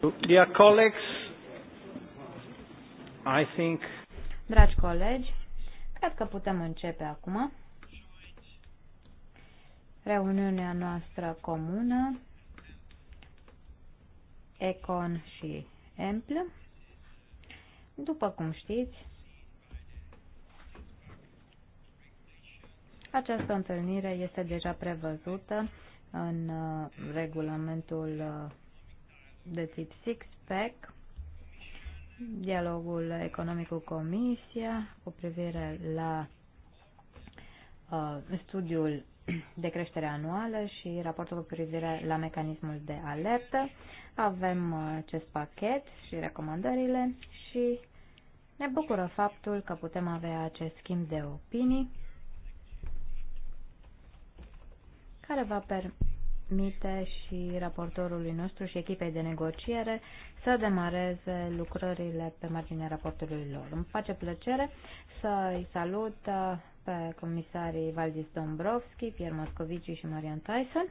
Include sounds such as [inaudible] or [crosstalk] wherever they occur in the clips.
Dear colleagues, I think... Dragi colegi, cred că putem începe acum reuniunea noastră comună Econ și Empl. După cum știți, această întâlnire este deja prevăzută în uh, regulamentul uh, de tip six-pack, dialogul economic cu Comisia cu privire la uh, studiul de creștere anuală și raportul cu privire la mecanismul de alertă. Avem uh, acest pachet și recomandările și ne bucură faptul că putem avea acest schimb de opinii care va permite permite și raportorului nostru și echipei de negociere să demareze lucrările pe marginea raportului lor. Îmi face plăcere să i salut uh, pe comisarii Valdis Dombrovski, Pierre Moscovici și Marian Tyson.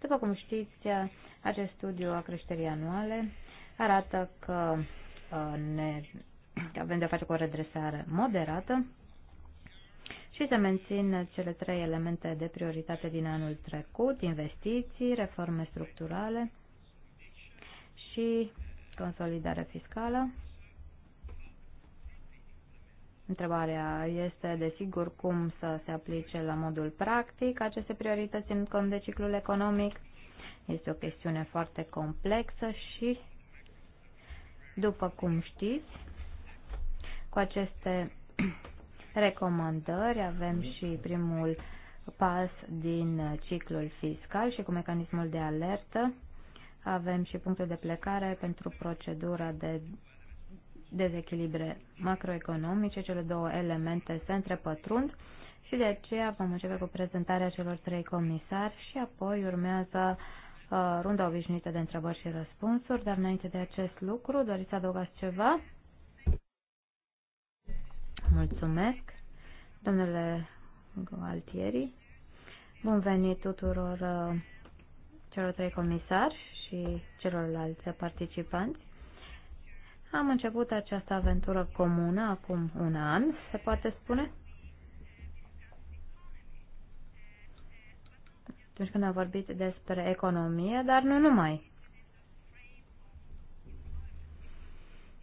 După cum știți, uh, acest studiu a creșterii anuale arată că uh, ne avem de face cu o redresare moderată și se mențin cele trei elemente de prioritate din anul trecut, investiții, reforme structurale și consolidare fiscală. Întrebarea este, desigur, cum să se aplice la modul practic aceste priorități, în cont de ciclul economic. Este o chestiune foarte complexă și, după cum știți, cu aceste recomandări, avem și primul pas din ciclul fiscal și cu mecanismul de alertă. Avem și puncte de plecare pentru procedura de dezechilibre macroeconomice. Cele două elemente se întrepătrund și de aceea vom începe cu prezentarea celor trei comisari și apoi urmează uh, runda obișnuită de întrebări și răspunsuri, dar înainte de acest lucru doriți să adăugați ceva? Mulțumesc, domnule Gualtieri. Bun venit tuturor uh, celor trei comisari și celorlalți participanți. Am început această aventură comună acum un an, se poate spune? Atunci când am vorbit despre economie, dar nu numai.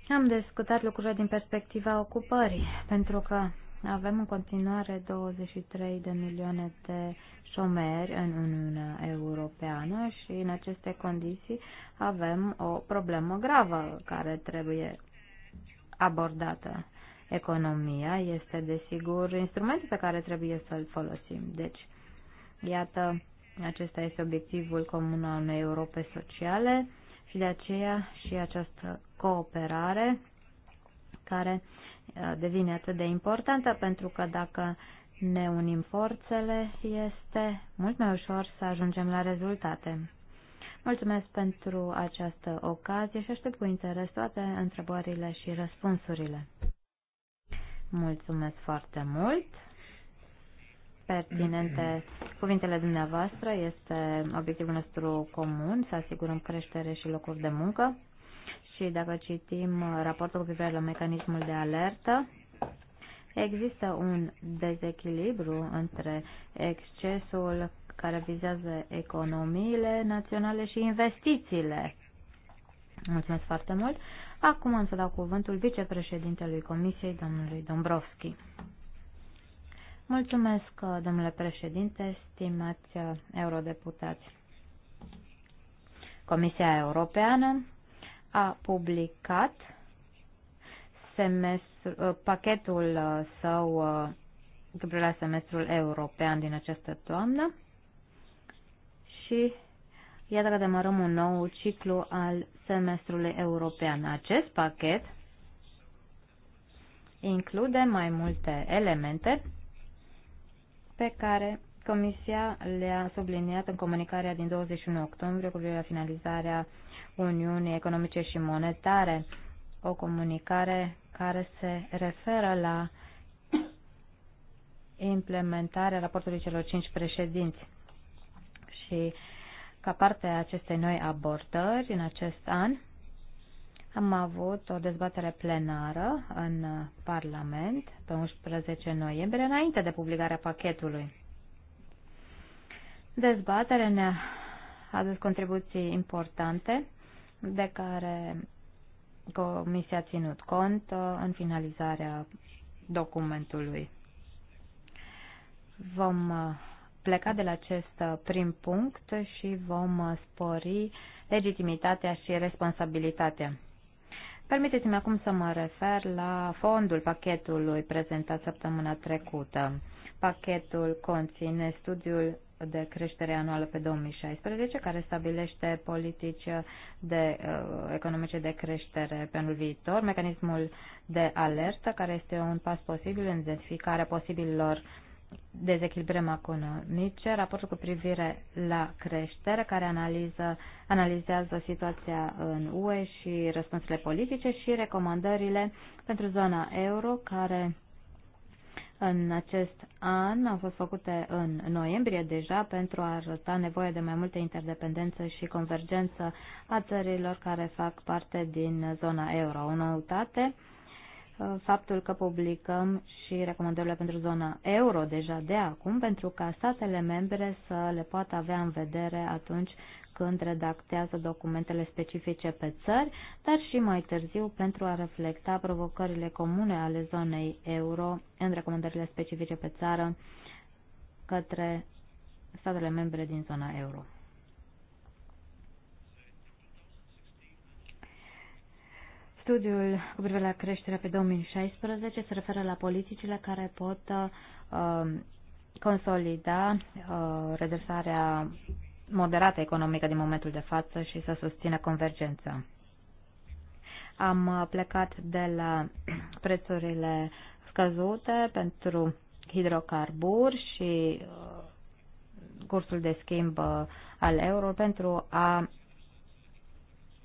Am discutat lucrurile din perspectiva ocupării, pentru că avem în continuare 23 de milioane de șomeri în Uniunea Europeană și în aceste condiții avem o problemă gravă care trebuie abordată. Economia este, desigur, instrumentul pe care trebuie să-l folosim. Deci, iată, acesta este obiectivul comun al unei Europe sociale și de aceea și această cooperare care uh, devine atât de importantă pentru că dacă ne unim forțele, este mult mai ușor să ajungem la rezultate. Mulțumesc pentru această ocazie și aștept cu interes toate întrebările și răspunsurile. Mulțumesc foarte mult! pertinente mm-hmm. cuvintele dumneavoastră. Este obiectivul nostru comun să asigurăm creștere și locuri de muncă. Și dacă citim raportul cu privire la mecanismul de alertă, există un dezechilibru între excesul care vizează economiile naționale și investițiile. Mulțumesc foarte mult. Acum am să dau cuvântul vicepreședintelui Comisiei, domnului Dombrovski. Mulțumesc, domnule președinte, stimați uh, eurodeputați. Comisia Europeană a publicat semestru, uh, pachetul uh, său cu privire la semestrul european din această toamnă și iată că demarăm un nou ciclu al semestrului european. Acest pachet include mai multe elemente pe care Comisia le-a subliniat în comunicarea din 21 octombrie cu privire la finalizarea Uniunii Economice și Monetare, o comunicare care se referă la implementarea raportului celor cinci președinți. Și ca parte a acestei noi abordări în acest an, am avut o dezbatere plenară în Parlament pe 11 noiembrie, înainte de publicarea pachetului. Dezbaterea ne-a adus contribuții importante de care Comisia a ținut cont uh, în finalizarea documentului. Vom uh, pleca de la acest uh, prim punct și vom spori legitimitatea și responsabilitatea. Permiteți-mi acum să mă refer la fondul pachetului prezentat săptămâna trecută. Pachetul conține studiul de creștere anuală pe 2016, care stabilește politici de, uh, economice de creștere pe anul viitor, mecanismul de alertă, care este un pas posibil în identificarea posibilor uh, dezechilibrăm economice, raportul cu privire la creștere, care analiză, analizează situația în UE și răspunsurile politice și recomandările pentru zona euro, care în acest an au fost făcute în noiembrie deja pentru a arăta nevoia de mai multă interdependență și convergență a țărilor care fac parte din zona euro. O noutate faptul că publicăm și recomandările pentru zona euro deja de acum, pentru ca statele membre să le poată avea în vedere atunci când redactează documentele specifice pe țări, dar și mai târziu pentru a reflecta provocările comune ale zonei euro în recomandările specifice pe țară către statele membre din zona euro. Studiul cu privire la creșterea pe 2016 se referă la politicile care pot uh, consolida uh, redresarea moderată economică din momentul de față și să susțină convergența. Am uh, plecat de la [clears throat] prețurile scăzute pentru hidrocarburi și uh, cursul de schimb uh, al euro pentru a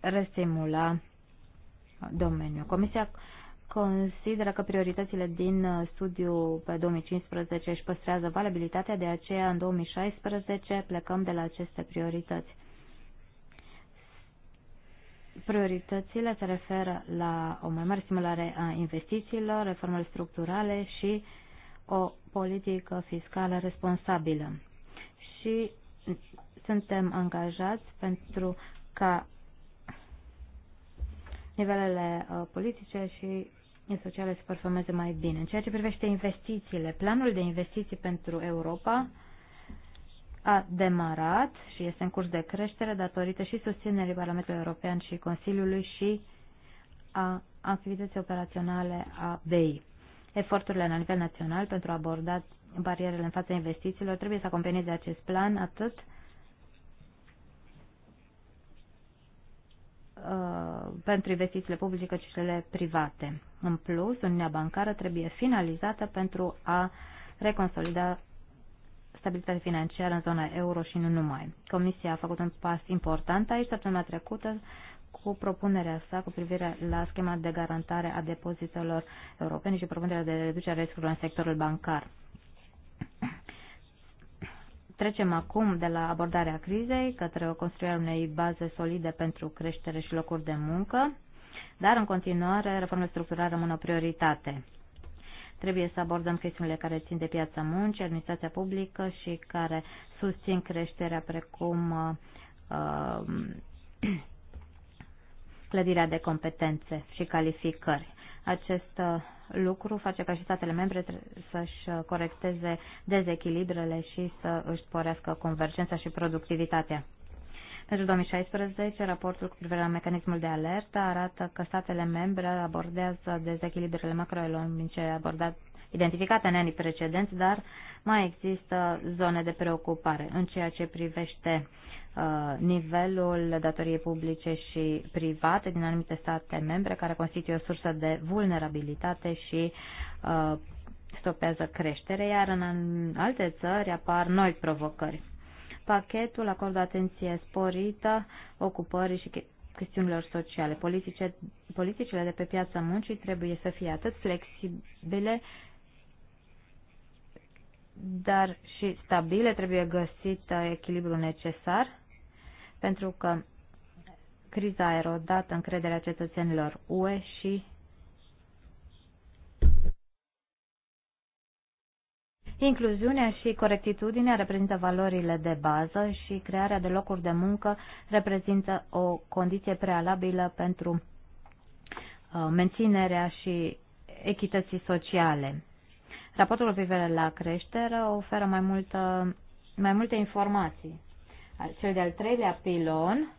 restimula domeniu. Comisia consideră că prioritățile din uh, studiu pe 2015 își păstrează valabilitatea, de aceea în 2016 plecăm de la aceste priorități. Prioritățile se referă la o mai mare stimulare a investițiilor, reformele structurale și o politică fiscală responsabilă. Și suntem angajați pentru ca nivelele uh, politice și sociale se performeze mai bine. În ceea ce privește investițiile, planul de investiții pentru Europa a demarat și este în curs de creștere datorită și susținerii Parlamentului European și Consiliului și a activității operaționale a BEI. Eforturile la nivel național pentru a aborda barierele în fața investițiilor trebuie să acompanieze acest plan atât Uh, pentru investițiile publice cât și cele private. În plus, Uniunea Bancară trebuie finalizată pentru a reconsolida stabilitate financiară în zona euro și nu numai. Comisia a făcut un pas important aici săptămâna trecută cu propunerea sa cu privire la schema de garantare a depozitelor europene și propunerea de reducere a riscurilor în sectorul bancar. Trecem acum de la abordarea crizei către o construire unei baze solide pentru creștere și locuri de muncă, dar în continuare reformele structurale rămân o prioritate. Trebuie să abordăm chestiunile care țin de piața muncii, administrația publică și care susțin creșterea precum uh, [clears throat] clădirea de competențe și calificări. Acest uh, lucru face ca și statele membre să-și uh, corecteze dezechilibrele și să își sporească convergența și productivitatea. Pentru 2016, raportul cu privire la mecanismul de alertă arată că statele membre abordează dezechilibrele macroeconomice abordate identificate în anii precedenți, dar mai există zone de preocupare. În ceea ce privește Uh, nivelul datoriei publice și private din anumite state membre, care constituie o sursă de vulnerabilitate și uh, stopează creșterea, iar în alte țări apar noi provocări. Pachetul acordă atenție sporită ocupării și chestiunilor sociale. Politice, politicile de pe piața muncii trebuie să fie atât flexibile, dar și stabile. Trebuie găsit uh, echilibrul necesar pentru că criza a erodat încrederea cetățenilor UE și Incluziunea și corectitudinea reprezintă valorile de bază și crearea de locuri de muncă reprezintă o condiție prealabilă pentru uh, menținerea și echității sociale. Raportul privire la creștere oferă mai, multă, mai multe informații. Cel de-al treilea pilon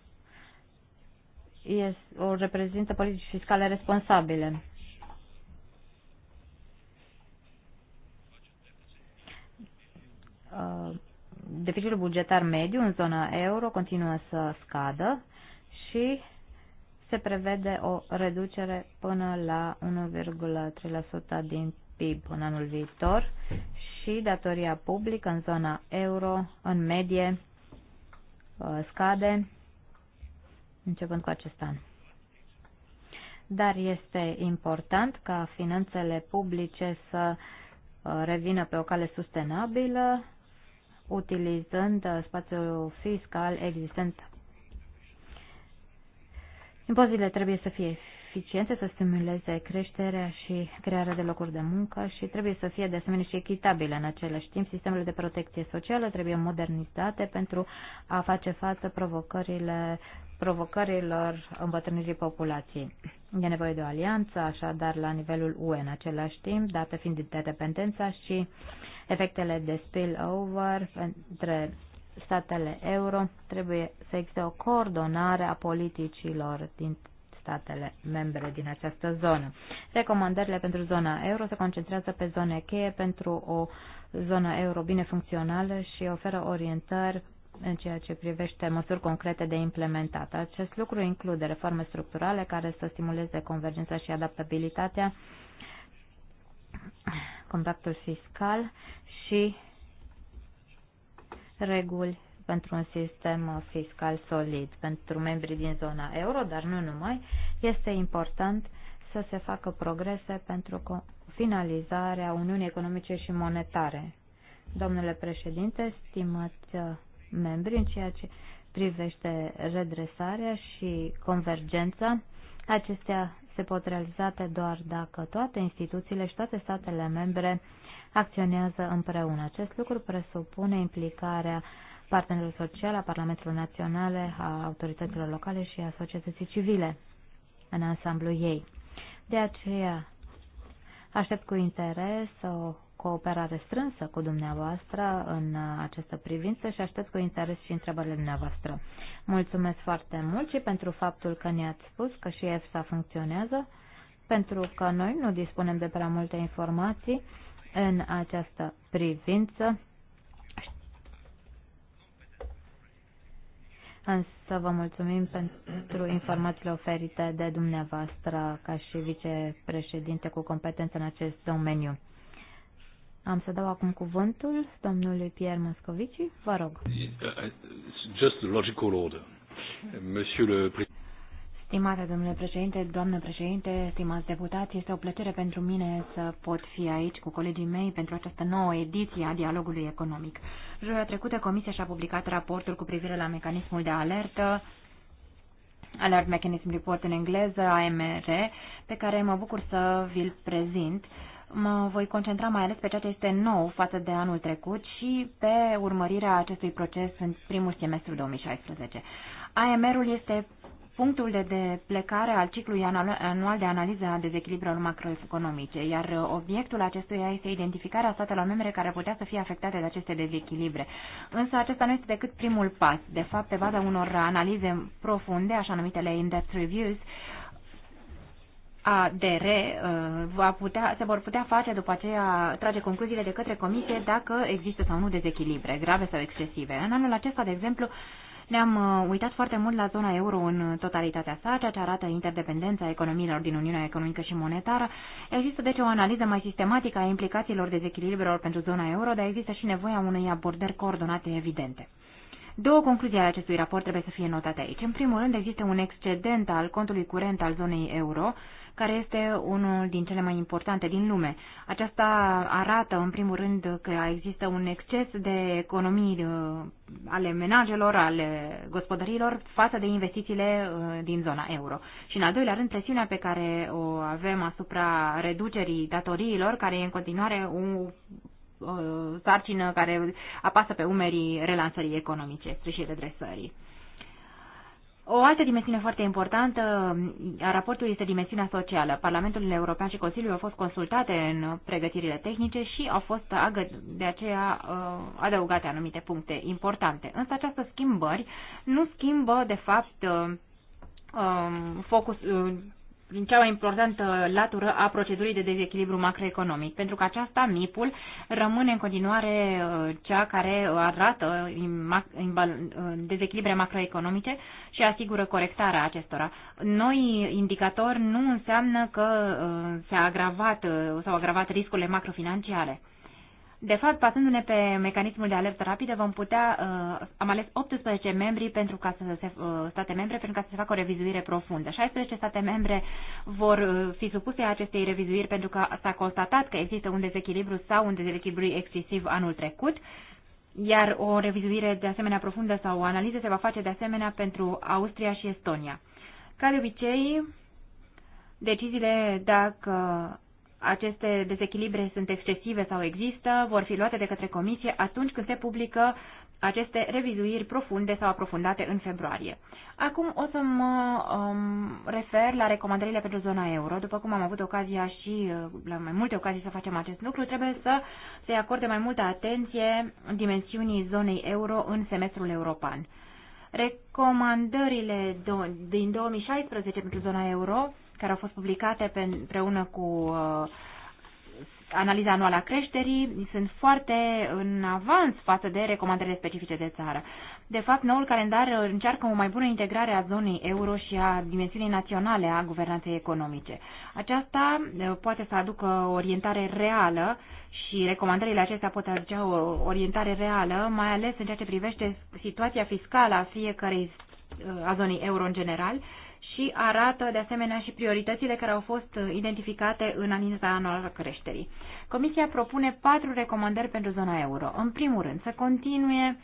este, o reprezintă politici fiscale responsabile. Uh, deficitul bugetar mediu în zona euro continuă să scadă și se prevede o reducere până la 1,3% din PIB în anul viitor și datoria publică în zona euro în medie Uh, scade începând cu acest an. Dar este important ca finanțele publice să uh, revină pe o cale sustenabilă, utilizând uh, spațiul fiscal existent. Impozitele trebuie să fie eficiente, să stimuleze creșterea și crearea de locuri de muncă și trebuie să fie de asemenea și echitabile în același timp. Sistemele de protecție socială trebuie modernizate pentru a face față provocările, provocărilor îmbătrânirii populației. E nevoie de o alianță, așadar, la nivelul UE în același timp, dată fiind interdependența și efectele de spillover între statele euro, trebuie să existe o coordonare a politicilor din statele membre din această zonă. Recomandările pentru zona euro se concentrează pe zone cheie pentru o zonă euro bine funcțională și oferă orientări în ceea ce privește măsuri concrete de implementat. Acest lucru include reforme structurale care să stimuleze convergența și adaptabilitatea, contactul fiscal și reguli pentru un sistem fiscal solid pentru membrii din zona euro, dar nu numai, este important să se facă progrese pentru finalizarea Uniunii Economice și Monetare. Domnule președinte, stimați uh, membri, în ceea ce privește redresarea și convergența, acestea se pot realiza doar dacă toate instituțiile și toate statele membre acționează împreună. Acest lucru presupune implicarea uh, partenerul social, a parlamentelor naționale, a autorităților locale și a societății civile în ansamblu ei. De aceea aștept cu interes o cooperare strânsă cu dumneavoastră în această privință și aștept cu interes și întrebările dumneavoastră. Mulțumesc foarte mult și pentru faptul că ne-ați spus că și EFSA funcționează, pentru că noi nu dispunem de prea multe informații în această privință. însă vă mulțumim pentru informațiile oferite de dumneavoastră ca și vicepreședinte cu competență în acest domeniu. Am să dau acum cuvântul domnului Pierre Moscovici. Vă rog. Just logical order. Monsieur le Stimate domnule președinte, doamnă președinte, stimați deputați, este o plăcere pentru mine să pot fi aici cu colegii mei pentru această nouă ediție a dialogului economic. Joia trecută, Comisia și-a publicat raportul cu privire la mecanismul de alertă, Alert Mechanism Report în engleză, AMR, pe care mă bucur să vi-l prezint. Mă voi concentra mai ales pe ceea ce este nou față de anul trecut și pe urmărirea acestui proces în primul semestru 2016. AMR-ul este punctul de, de plecare al ciclului anual de analiză a dezechilibrelor macroeconomice, iar obiectul acestuia este identificarea statelor membre care putea să fie afectate de aceste dezechilibre. Însă acesta nu este decât primul pas. De fapt, pe baza unor analize profunde, așa numitele in-depth reviews, ADR uh, va putea, se vor putea face după aceea trage concluziile de către comisie dacă există sau nu dezechilibre grave sau excesive. În anul acesta, de exemplu, ne-am uh, uitat foarte mult la zona euro în uh, totalitatea sa, ceea ce arată interdependența economiilor din Uniunea Economică și Monetară. Există deci o analiză mai sistematică a implicațiilor dezechilibrelor pentru zona euro, dar există și nevoia unei abordări coordonate evidente. Două concluzii ale acestui raport trebuie să fie notate aici. În primul rând, există un excedent al contului curent al zonei euro, care este unul din cele mai importante din lume. Aceasta arată, în primul rând, că există un exces de economii uh, ale menajelor, ale gospodărilor față de investițiile uh, din zona euro. Și, în al doilea rând, presiunea pe care o avem asupra reducerii datoriilor, care e în continuare un uh, sarcină care apasă pe umerii relansării economice și redresării. O altă dimensiune foarte importantă a raportului este dimensiunea socială. Parlamentul European și Consiliul au fost consultate în pregătirile tehnice și au fost de aceea uh, adăugate anumite puncte importante. Însă această schimbări nu schimbă, de fapt, uh, um, focus, uh, din cea mai importantă latură a procedurii de dezechilibru macroeconomic, pentru că aceasta, MIP-ul, rămâne în continuare uh, cea care arată uh, dezechilibre macroeconomice și asigură corectarea acestora. Noi indicatori nu înseamnă că uh, s-a agravat, agravat riscurile macrofinanciare. De fapt, pasându-ne pe mecanismul de alertă rapidă, vom putea, uh, am ales 18 membri pentru ca să se, uh, state membre pentru ca să se facă o revizuire profundă. 16 state membre vor uh, fi supuse acestei revizuiri pentru că s-a constatat că există un dezechilibru sau un dezechilibru excesiv anul trecut, iar o revizuire de asemenea profundă sau o analiză se va face de asemenea pentru Austria și Estonia. Ca de obicei, deciziile dacă aceste dezechilibre sunt excesive sau există, vor fi luate de către comisie atunci când se publică aceste revizuiri profunde sau aprofundate în februarie. Acum o să mă um, refer la recomandările pentru zona euro. După cum am avut ocazia și uh, la mai multe ocazii să facem acest lucru, trebuie să se acorde mai multă atenție dimensiunii zonei euro în semestrul european. Recomandările din 2016 pentru zona euro care au fost publicate pe, împreună cu uh, analiza anuală a creșterii sunt foarte în avans față de recomandările specifice de țară. De fapt, noul calendar încearcă o mai bună integrare a zonei euro și a dimensiunii naționale a guvernanței economice. Aceasta uh, poate să aducă o orientare reală și recomandările acestea pot aduce o orientare reală, mai ales în ceea ce privește situația fiscală a fiecarei uh, a zonei euro în general, și arată de asemenea și prioritățile care au fost identificate în analiza anuală creșterii. Comisia propune patru recomandări pentru zona euro. În primul rând, să continue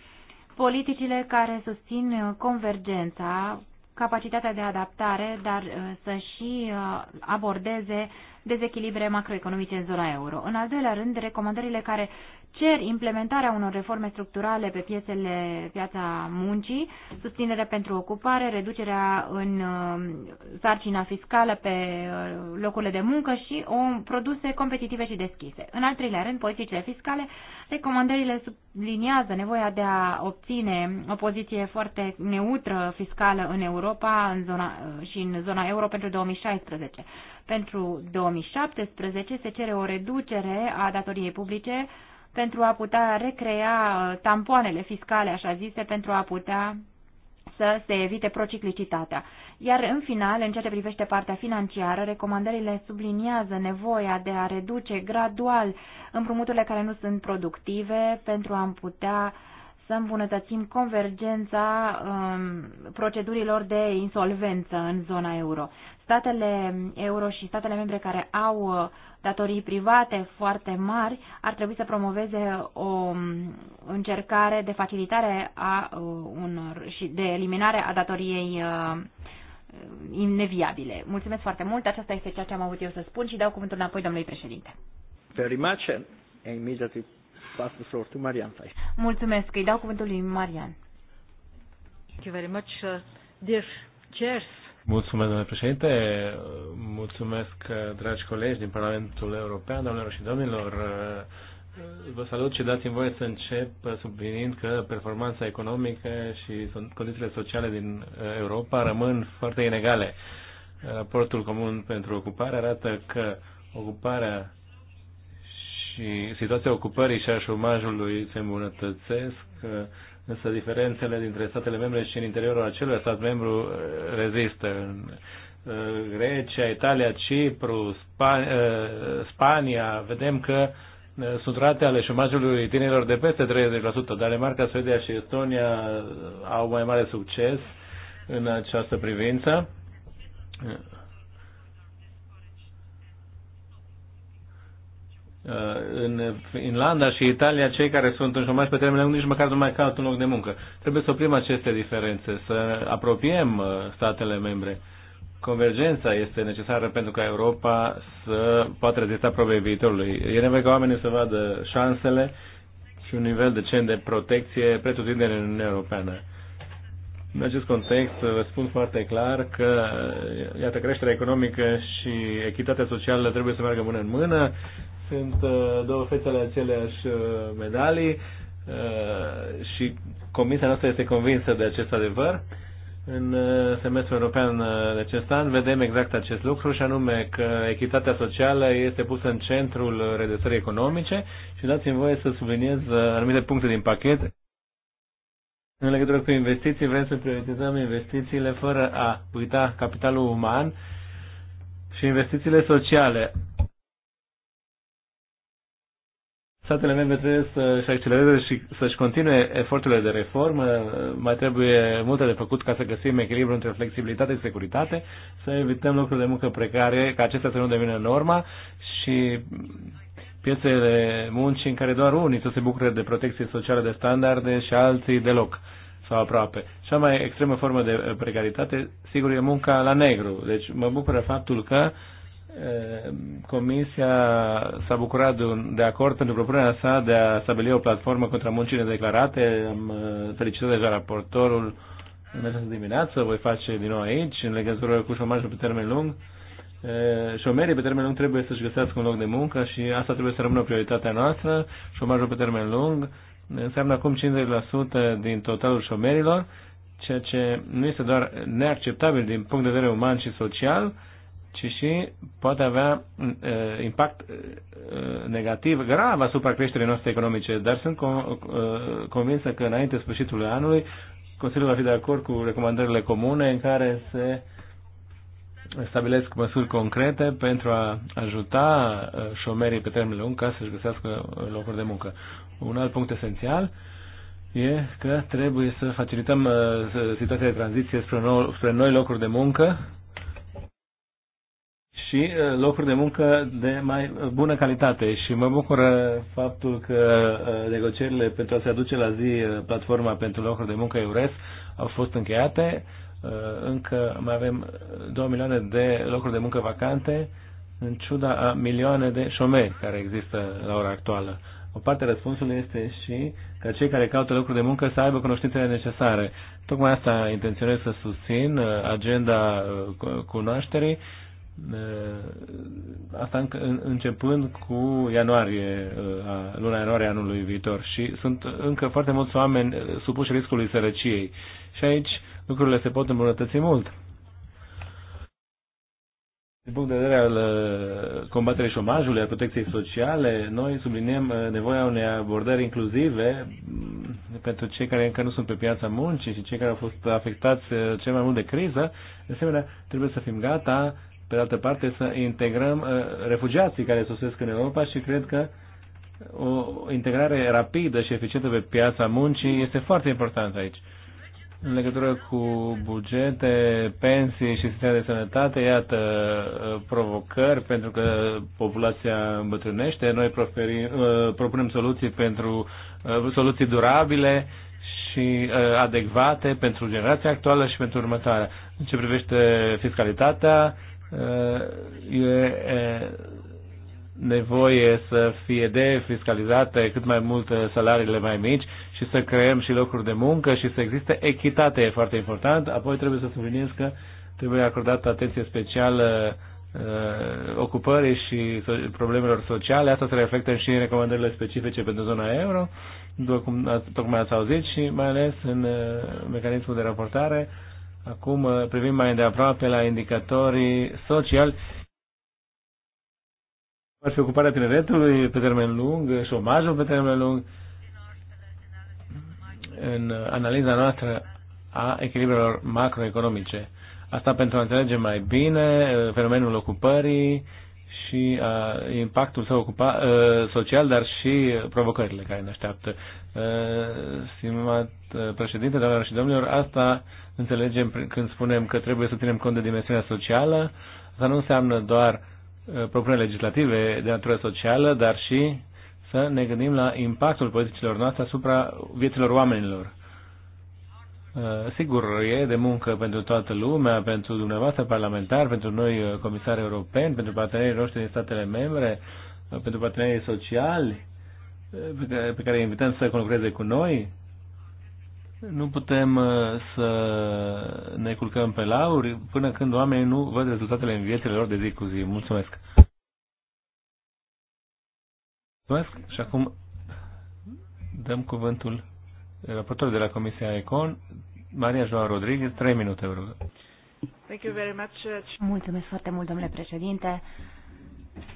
politicile care susțin convergența, capacitatea de adaptare, dar uh, să și uh, abordeze dezechilibre macroeconomice în zona euro. În al doilea rând, recomandările care cer implementarea unor reforme structurale pe piețele, piața muncii, susținere pentru ocupare, reducerea în uh, sarcina fiscală pe uh, locurile de muncă și o, produse competitive și deschise. În al treilea rând, politicile fiscale, recomandările subliniază nevoia de a obține o poziție foarte neutră fiscală în Europa în zona, uh, și în zona euro pentru 2016. Pentru 2017 se cere o reducere a datoriei publice pentru a putea recrea uh, tampoanele fiscale, așa zise, pentru a putea să se evite prociclicitatea. Iar în final, în ceea ce privește partea financiară, recomandările subliniază nevoia de a reduce gradual împrumuturile care nu sunt productive pentru a putea uh, să îmbunătățim convergența um, procedurilor de insolvență în zona euro. Statele euro și statele membre care au uh, datorii private foarte mari ar trebui să promoveze o um, încercare de facilitare a uh, unor și de eliminare a datoriei uh, neviabile. Mulțumesc foarte mult, aceasta este ceea ce am avut eu să spun și dau cuvântul înapoi domnului președinte. Very much and immediately pass the floor to Marian Fai. Mulțumesc. Îi dau cuvântul lui Marian. Thank you very much, uh, dear chairs. Mulțumesc, domnule președinte. Mulțumesc, uh, dragi colegi din Parlamentul European, doamnelor și domnilor. Uh, uh, vă salut și dați-mi voie să încep subliniind că performanța economică și condițiile sociale din Europa rămân foarte inegale. Raportul comun pentru ocupare arată că ocuparea și situația ocupării și a șomajului se îmbunătățesc, însă diferențele dintre statele membre și în interiorul acelui stat membru uh, rezistă. În uh, Grecia, Italia, Cipru, Spania, uh, Spania vedem că sunt rate ale șomajului tinerilor de peste 30%, dar marca Suedia și Estonia au mai mare succes în această privință. Uh, în Finlanda și Italia, cei care sunt în șomaj pe termen lung nici măcar nu mai caut un loc de muncă. Trebuie să oprim aceste diferențe, să apropiem uh, statele membre. Convergența este necesară pentru ca Europa să poată rezista problemei viitorului. E nevoie ca oamenii să vadă șansele și un nivel decent de protecție pretutindeni în Uniunea Europeană. În acest context, vă spun foarte clar că, iată, creșterea economică și echitatea socială trebuie să meargă mână în mână sunt uh, două fețele aceleași uh, medalii uh, și comisia noastră este convinsă de acest adevăr. În semestrul european de acest an vedem exact acest lucru și anume că echitatea socială este pusă în centrul redresării economice și dați-mi voie să subliniez anumite puncte din pachet. În legătură cu investiții, vrem să prioritizăm investițiile fără a uita capitalul uman și investițiile sociale. statele membre trebuie să-și accelereze și să-și continue eforturile de reformă. Mai trebuie multe de făcut ca să găsim echilibru între flexibilitate și securitate, să evităm lucruri de muncă precare, ca acestea să nu devină norma și piețele muncii în care doar unii să se bucure de protecție socială de standarde și alții deloc sau aproape. Cea mai extremă formă de precaritate, sigur, e munca la negru. Deci mă bucură faptul că uh, Ehm, Comisia s-a bucurat de, un, de acord pentru propunerea sa de a stabili o platformă contra muncii nedeclarate. Am eh, felicitat deja raportorul în această dimineață, voi face din nou aici, în legătură cu șomajul pe termen lung. Eh, Șomerii pe termen lung trebuie să-și găsească un loc de muncă și asta trebuie să rămână prioritatea noastră. Șomajul pe termen lung înseamnă acum 50% din totalul șomerilor, ceea ce nu este doar neacceptabil din punct de vedere uman și social, ci și poate avea uh, impact uh, negativ grav asupra creșterii noastre economice, dar sunt con, uh, convinsă că înainte sfârșitului anului Consiliul va fi de acord cu recomandările comune în care se stabilesc măsuri concrete pentru a ajuta șomerii pe termen lung ca să-și găsească locuri de muncă. Un alt punct esențial e că trebuie să facilităm situația de tranziție spre, nou, spre noi locuri de muncă și uh, locuri de muncă de mai bună calitate. Și mă bucură faptul că uh, negocierile pentru a se aduce la zi uh, platforma pentru locuri de muncă EURES au fost încheiate. Încă mai avem 2 milioane de locuri de muncă vacante, în ciuda a milioane de șomeri care există la ora actuală. O parte a răspunsului este și ca cei care caută locuri de muncă să aibă cunoștințele necesare. Tocmai asta intenționez să susțin, agenda cunoașterii Eh, asta înc- începând cu ianuarie, eh, luna ianuarie anului viitor și sunt încă foarte mulți oameni eh, supuși riscului sărăciei și aici lucrurile se pot îmbunătăți mult. Din punct de vedere al combaterii șomajului, al protecției sociale, noi subliniem nevoia unei abordări inclusive mm, pentru cei care încă nu sunt pe piața muncii și cei care au fost afectați cel mai mult de criză. De asemenea, trebuie să fim gata pe de altă parte, să integrăm uh, refugiații care sosesc în Europa și cred că o integrare rapidă și eficientă pe piața muncii este foarte importantă aici. În legătură cu bugete, pensii și sisteme de sănătate, iată uh, provocări pentru că populația îmbătrânește, noi proferim, uh, propunem soluții pentru soluții durabile și adecvate pentru generația actuală și pentru următoarea. În ce privește fiscalitatea, Uh, e nevoie să fie defiscalizate cât mai mult uh, salariile mai mici și să creăm și locuri de muncă și să existe echitate, e foarte important. Apoi trebuie să subliniez că trebuie acordată atenție specială uh, ocupării și problemelor sociale. Asta se reflectă și în recomandările specifice pentru zona euro, după cum tocmai ați auzit, și mai ales în mecanismul de raportare Acum uh, privim mai de aproape la indicatorii sociali. Ar fi ocuparea tineretului pe termen lung, șomajul pe termen lung. În analiza noastră a echilibrelor macroeconomice. Asta pentru a înțelege mai bine uh, fenomenul ocupării și a, uh, impactul său ocupa, social, dar și provocările care ne așteaptă. Stimat președinte, doamnelor și domnilor, asta înțelegem când spunem că trebuie să ținem cont de dimensiunea socială, asta nu înseamnă doar uh, propuneri legislative de natură socială, dar și să ne gândim la impactul politicilor noastre asupra vieților oamenilor. Uh, sigur, e de muncă pentru toată lumea, pentru dumneavoastră parlamentar, pentru noi uh, comisari europeni, pentru partenerii noștri din statele membre, pentru partenerii sociali pe care îi invităm să concureze cu noi, nu putem uh, să ne culcăm pe lauri până când oamenii nu văd rezultatele în viețile lor de zi cu zi. Mulțumesc! Mulțumesc și acum dăm cuvântul raportorului de la Comisia Econ, Maria Joan Rodriguez, 3 minute, vă rog. Uh, Mulțumesc foarte mult, domnule președinte.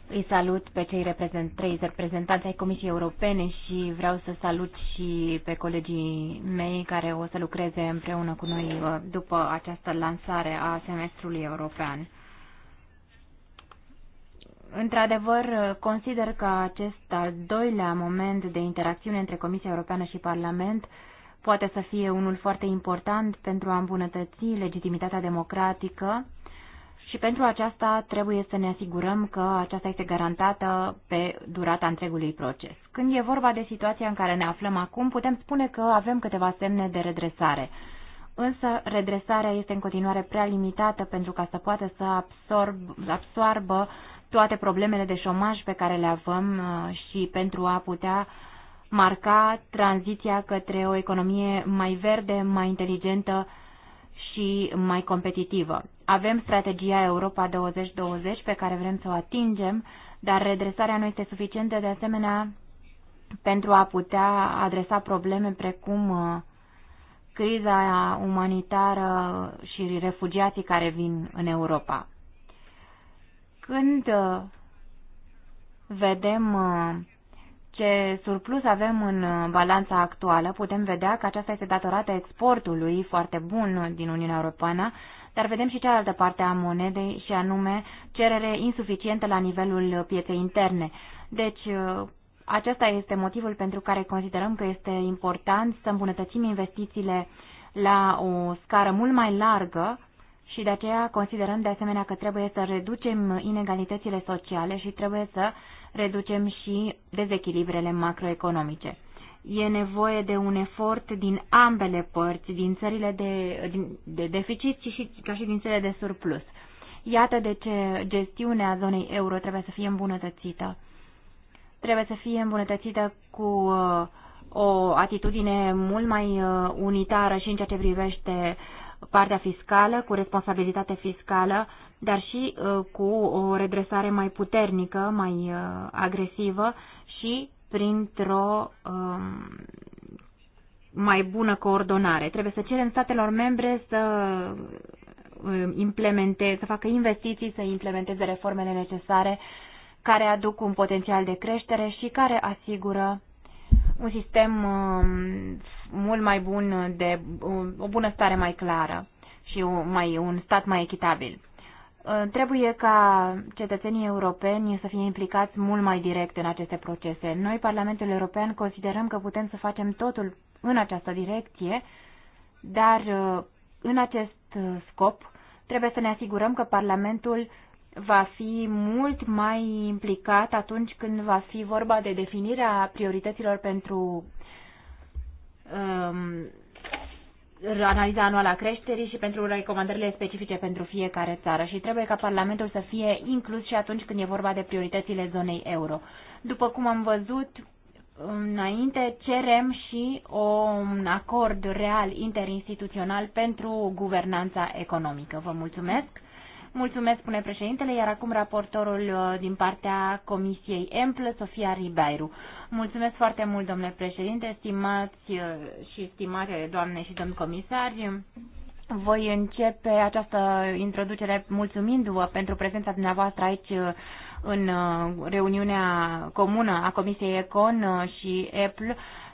Îi salut pe cei trei reprezentanți ai Comisiei Europene și vreau să salut și pe colegii mei care o să lucreze împreună cu noi uh, după această lansare a semestrului european. Într-adevăr, uh, consider că acest al doilea moment de interacțiune între Comisia Europeană și Parlament poate să fie unul foarte important pentru a îmbunătăți legitimitatea democratică și pentru aceasta trebuie să ne asigurăm că aceasta este garantată pe durata întregului proces. Când e vorba de situația în care ne aflăm acum, putem spune că avem câteva semne de redresare. Însă redresarea este în continuare prea limitată pentru ca să poată să absorb, absorbă toate problemele de șomaj pe care le avem uh, și pentru a putea marca tranziția către o economie mai verde, mai inteligentă, și mai competitivă. Avem strategia Europa 2020 pe care vrem să o atingem, dar redresarea nu este suficientă de asemenea pentru a putea adresa probleme precum uh, criza umanitară și refugiații care vin în Europa. Când uh, vedem uh, ce surplus avem în uh, balanța actuală, putem vedea că aceasta este datorată exportului foarte bun din Uniunea Europeană, dar vedem și cealaltă parte a monedei și anume cerere insuficientă la nivelul pieței interne. Deci, uh, acesta este motivul pentru care considerăm că este important să îmbunătățim investițiile la o scară mult mai largă și de aceea considerăm de asemenea că trebuie să reducem inegalitățile sociale și trebuie să reducem și dezechilibrele macroeconomice. E nevoie de un efort din ambele părți, din țările de, de deficit și ca și din țările de surplus. Iată de ce gestiunea zonei euro trebuie să fie îmbunătățită. Trebuie să fie îmbunătățită cu uh, o atitudine mult mai uh, unitară și în ceea ce privește partea fiscală, cu responsabilitate fiscală, dar și uh, cu o redresare mai puternică, mai uh, agresivă și printr-o um, mai bună coordonare. Trebuie să cerem statelor membre să uh, implementeze, să facă investiții, să implementeze reformele necesare care aduc un potențial de creștere și care asigură un sistem um, mult mai bun de o bunăstare mai clară și mai, un stat mai echitabil. Trebuie ca cetățenii europeni să fie implicați mult mai direct în aceste procese. Noi, Parlamentul European, considerăm că putem să facem totul în această direcție, dar uh, în acest uh, scop trebuie să ne asigurăm că Parlamentul va fi mult mai implicat atunci când va fi vorba de definirea priorităților pentru um, analiza anuală a creșterii și pentru recomandările specifice pentru fiecare țară și trebuie ca Parlamentul să fie inclus și atunci când e vorba de prioritățile zonei euro. După cum am văzut înainte, cerem și un acord real interinstituțional pentru guvernanța economică. Vă mulțumesc! Mulțumesc, spune președintele, iar acum raportorul uh, din partea Comisiei Emplă, Sofia Ribeiru. Mulțumesc foarte mult, domnule președinte, stimați uh, și stimate doamne și domn comisari. Voi începe această introducere mulțumindu-vă pentru prezența dumneavoastră aici uh, în reuniunea comună a Comisiei Econ și EPL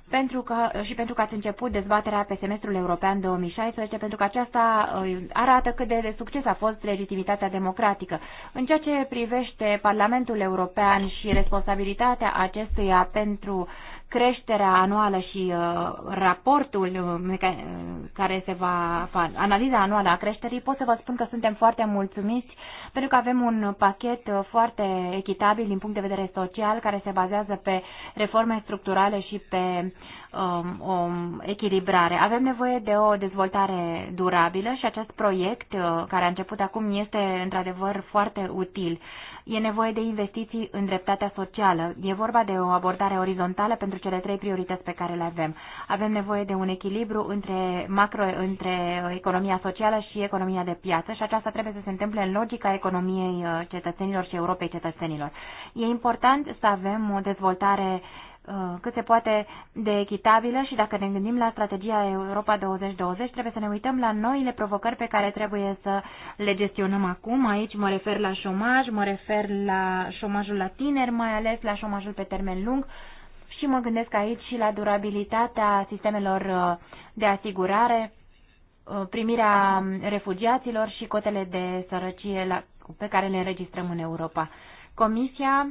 pentru că, și pentru că ați început dezbaterea pe semestrul european 2016, pentru că aceasta uh, arată cât de succes a fost legitimitatea democratică. În ceea ce privește Parlamentul European și responsabilitatea acestuia pentru creșterea anuală și uh, raportul uh, uh care se va fa, analiza anuală a creșterii, pot să vă spun că suntem foarte mulțumiți pentru că avem un pachet uh, foarte echitabil din punct de vedere social, care se bazează pe reforme structurale și pe um, o echilibrare. Avem nevoie de o dezvoltare durabilă și acest proiect uh, care a început acum este într-adevăr foarte util. E nevoie de investiții în dreptatea socială. E vorba de o abordare orizontală pentru cele trei priorități pe care le avem. Avem nevoie de un echilibru între macro, între uh, economia socială și economia de piață și aceasta trebuie să se întâmple în logica economiei uh, cetățenilor și Europei cetățenilor. E important să avem o dezvoltare Uh, cât se poate de echitabilă și dacă ne gândim la strategia Europa 2020, trebuie să ne uităm la noile provocări pe care trebuie să le gestionăm acum. Aici mă refer la șomaj, mă refer la șomajul la tineri, mai ales la șomajul pe termen lung și mă gândesc aici și la durabilitatea sistemelor uh, de asigurare, uh, primirea refugiaților și cotele de sărăcie la, pe care le înregistrăm în Europa. Comisia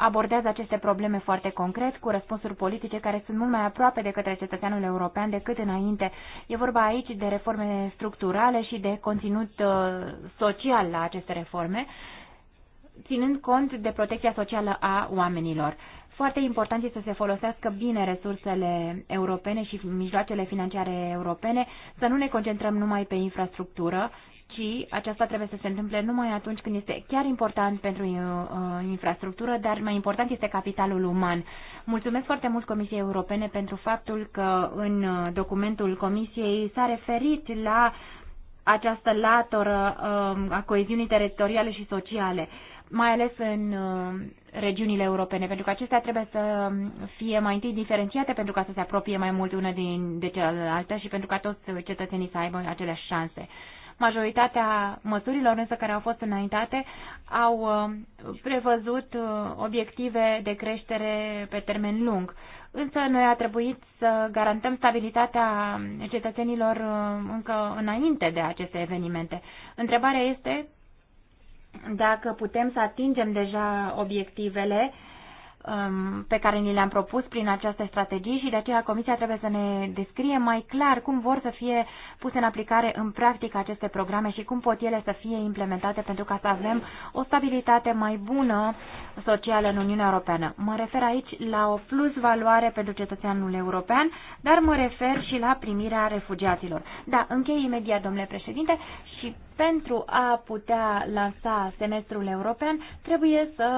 abordează aceste probleme foarte concret, cu răspunsuri politice care sunt mult mai aproape de către cetățeanul european decât înainte. E vorba aici de reforme structurale și de conținut uh, social la aceste reforme, ținând cont de protecția socială a oamenilor. Foarte important este să se folosească bine resursele europene și mijloacele financiare europene, să nu ne concentrăm numai pe infrastructură ci aceasta trebuie să se întâmple numai atunci când este chiar important pentru uh, uh, infrastructură, dar mai important este capitalul uman. Mulțumesc foarte mult Comisiei Europene pentru faptul că în uh, documentul Comisiei s-a referit la această latură a coeziunii teritoriale și sociale mai ales în regiunile europene, pentru că acestea trebuie să fie mai întâi diferențiate pentru ca să se apropie mai mult una din, de cealaltă și pentru ca toți cetățenii să aibă aceleași șanse. Majoritatea măsurilor însă care au fost înaintate au uh, prevăzut uh, obiective de creștere pe termen lung. Însă noi a trebuit să garantăm stabilitatea cetățenilor uh, încă înainte de aceste evenimente. Întrebarea este dacă putem să atingem deja obiectivele uh, Um, pe care ni le-am propus prin această strategie și de aceea Comisia trebuie să ne descrie mai clar cum vor să fie puse în aplicare în practică aceste programe și cum pot ele să fie implementate pentru ca să avem o stabilitate mai bună socială în Uniunea Europeană. Mă refer aici la o plus valoare pentru cetățeanul european, dar mă refer și la primirea refugiaților. Da, închei imediat, domnule președinte, și pentru a putea lansa semestrul european trebuie să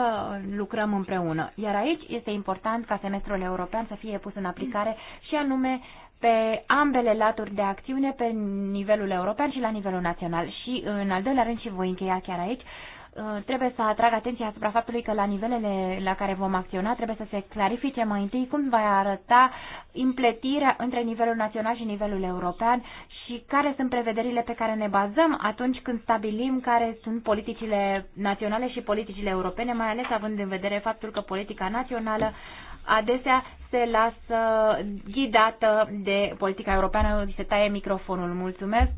lucrăm împreună. Iar iar aici este important ca semestrul european să fie pus în aplicare și anume pe ambele laturi de acțiune, pe nivelul european și la nivelul național. Și în al doilea rând, și voi încheia chiar aici, Uh, trebuie să atrag atenția asupra faptului că la nivelele la care vom acționa trebuie să se clarifice mai întâi cum va arăta împletirea între nivelul național și nivelul european și care sunt prevederile pe care ne bazăm atunci când stabilim care sunt politicile naționale și politicile europene, mai ales având în vedere faptul că politica națională adesea se lasă ghidată de politica europeană, se taie microfonul. Mulțumesc,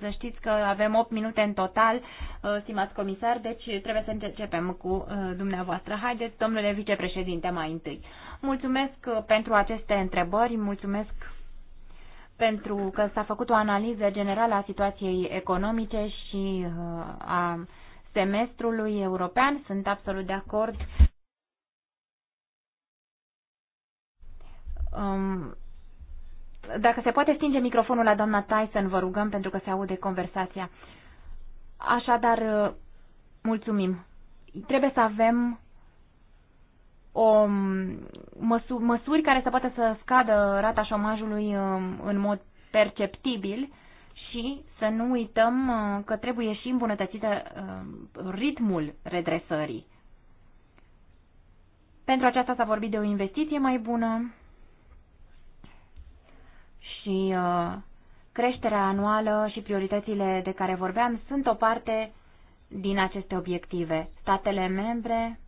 să știți că avem 8 minute în total, uh, stimați comisar, deci trebuie să începem cu uh, dumneavoastră. Haideți, domnule vicepreședinte, mai întâi. Mulțumesc uh, pentru aceste întrebări, mulțumesc pentru că s-a făcut o analiză generală a situației economice și a semestrului european. Sunt absolut de acord Um, dacă se poate stinge microfonul la doamna Tyson, vă rugăm, pentru că se aude conversația. Așadar, uh, mulțumim. Trebuie să avem o um, măsu- măsuri care să poată să scadă rata șomajului um, în mod perceptibil și să nu uităm uh, că trebuie și îmbunătățită uh, ritmul redresării. Pentru aceasta s-a vorbit de o investiție mai bună, și uh, creșterea anuală și prioritățile de care vorbeam sunt o parte din aceste obiective. Statele membre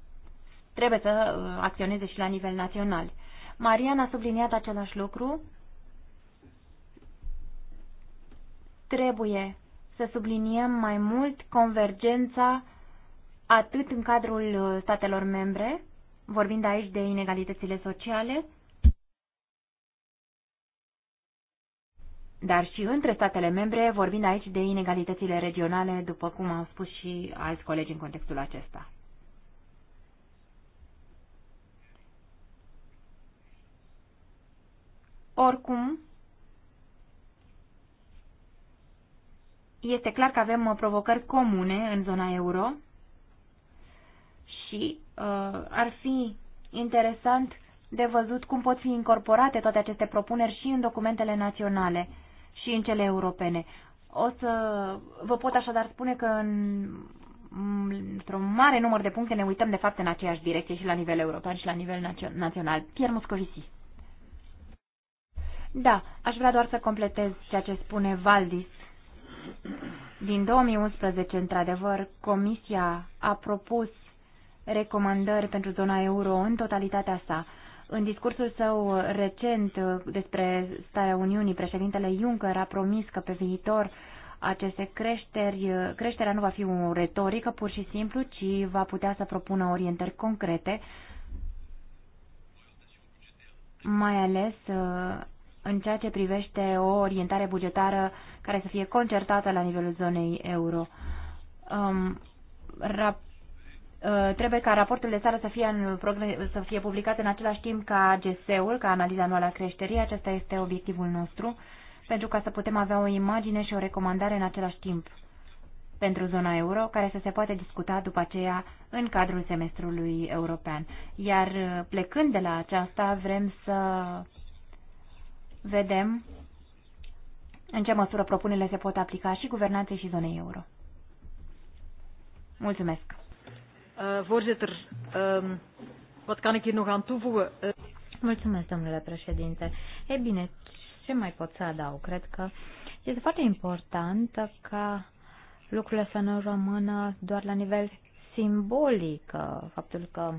trebuie să uh, acționeze și la nivel național. Marian a subliniat același lucru. Trebuie să subliniem mai mult convergența atât în cadrul uh, statelor membre, vorbind aici de inegalitățile sociale, dar și între statele membre, vorbind aici de inegalitățile regionale, după cum au spus și alți colegi în contextul acesta. Oricum, este clar că avem uh, provocări comune în zona euro și uh, ar fi interesant de văzut cum pot fi incorporate toate aceste propuneri și în documentele naționale și în cele europene. O să vă pot așadar spune că în, într-un mare număr de puncte ne uităm de fapt în aceeași direcție și la nivel european și la nivel național. Pierre Moscovici. Da, aș vrea doar să completez ceea ce spune Valdis. Din 2011, într-adevăr, Comisia a propus recomandări pentru zona euro în totalitatea sa. În discursul său recent uh, despre starea Uniunii, președintele Juncker a promis că pe viitor aceste creșteri, uh, creșterea nu va fi o retorică pur și simplu, ci va putea să propună orientări concrete, mai ales uh, în ceea ce privește o orientare bugetară care să fie concertată la nivelul zonei euro. Um, rap Uh, trebuie ca raportul de țară să fie, în să fie publicat în același timp ca AGS-ul, ca analiza anuală a creșterii. Acesta este obiectivul nostru, pentru ca să putem avea o imagine și o recomandare în același timp pentru zona euro, care să se poate discuta după aceea în cadrul semestrului european. Iar uh, plecând de la aceasta, vrem să vedem în ce măsură propunerile se pot aplica și guvernanței și zonei euro. Mulțumesc! Eh, voorzitter, um, wat kan ik hier nog aan toevoegen? Uh... Mulțumesc, domnule președinte. E bine, ce mai pot să adaug? Cred că este foarte important ca lucrurile să nu rămână doar la nivel simbolic, eh, faptul că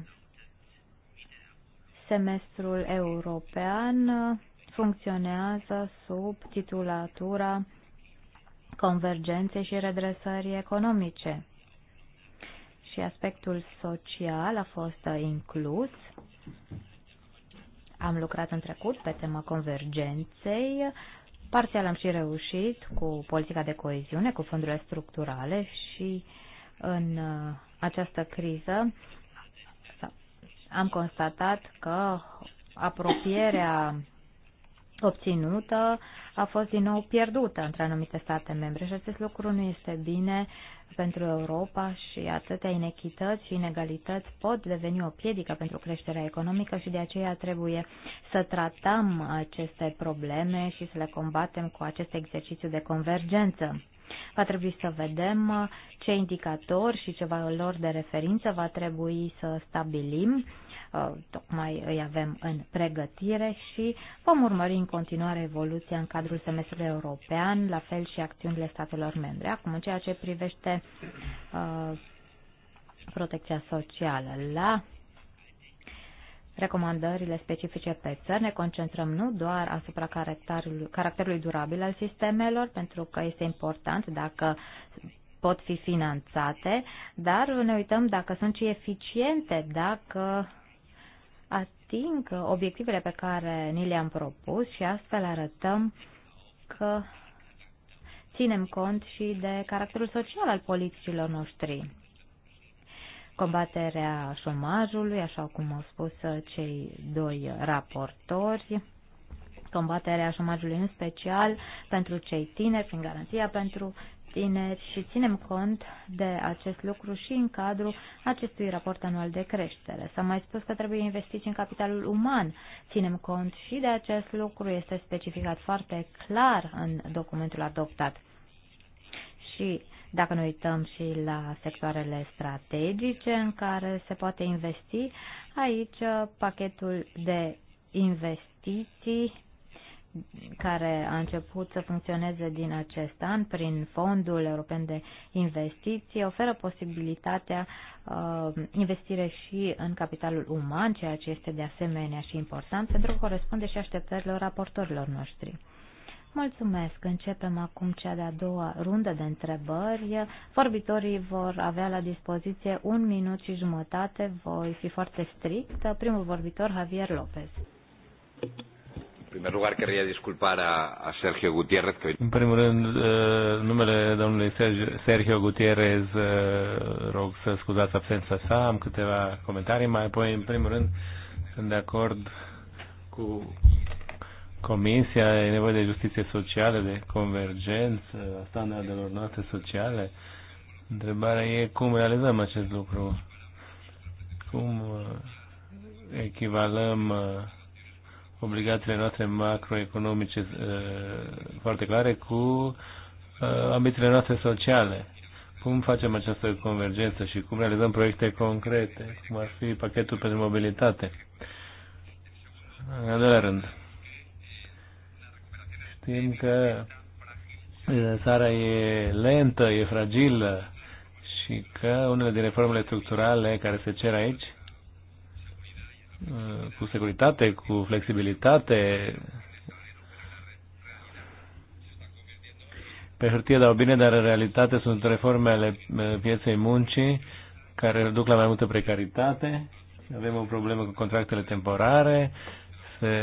semestrul european funcționează sub titulatura convergenței și redresării economice și aspectul social a fost uh, inclus. Am lucrat în trecut pe tema convergenței, parțial am și reușit cu politica de coeziune, cu fondurile structurale și în uh, această criză am constatat că apropierea obținută a fost din nou pierdută între anumite state membre și acest lucru nu este bine pentru Europa și atâtea inechități și inegalități pot deveni o piedică pentru creșterea economică și de aceea trebuie să tratăm aceste probleme și să le combatem cu acest exercițiu de convergență. Va trebui să vedem ce indicatori și ce valori de referință va trebui să stabilim Uh, tocmai îi avem în pregătire și vom urmări în continuare evoluția în cadrul semestrului european, la fel și acțiunile statelor membre. Acum, în ceea ce privește uh, protecția socială, la recomandările specifice pe țări, ne concentrăm nu doar asupra caracterului, caracterului durabil al sistemelor, pentru că este important dacă pot fi finanțate, dar ne uităm dacă sunt și eficiente, dacă ating obiectivele pe care ni le-am propus și astfel arătăm că ținem cont și de caracterul social al politicilor noștri. Combaterea șomajului, așa cum au spus cei doi raportori, combaterea șomajului în special pentru cei tineri, prin garanția pentru tineri și ținem cont de acest lucru și în cadrul acestui raport anual de creștere. S-a mai spus că trebuie investiți în capitalul uman. Ținem cont și de acest lucru, este specificat foarte clar în documentul adoptat. Și dacă ne uităm și la sectoarele strategice în care se poate investi, aici pachetul de investiții care a început să funcționeze din acest an prin Fondul European de Investiții, oferă posibilitatea uh, investire și în capitalul uman, ceea ce este de asemenea și important pentru că corespunde și așteptărilor raportorilor noștri. Mulțumesc! Începem acum cea de-a doua rundă de întrebări. Vorbitorii vor avea la dispoziție un minut și jumătate. Voi fi foarte strict. Primul vorbitor, Javier Lopez primer lugar, querría disculpar a, a Sergio Gutiérrez. Que... În primul rând, numele domnului Sergio Gutiérrez, eh, rog să scuzați absența sa, am câteva comentarii. Mai apoi, în primul rând, sunt de acord cu Comisia, e nevoie de justiție socială, de convergență a standardelor noastre sociale. Întrebarea e cum realizăm acest lucru, cum eh, echivalăm eh, obligațiile noastre macroeconomice uh, foarte clare cu uh, ambițiile noastre sociale. Cum facem această convergență și cum realizăm proiecte concrete, cum ar fi pachetul pentru mobilitate? În al doilea rând, știm că țara uh, e lentă, e fragilă și că unele din reformele structurale care se cer aici cu securitate, cu flexibilitate. Pe hârtie dau bine, dar în realitate sunt reformele eh, pieței muncii care duc la mai multă precaritate. Avem o problemă cu contractele temporare, se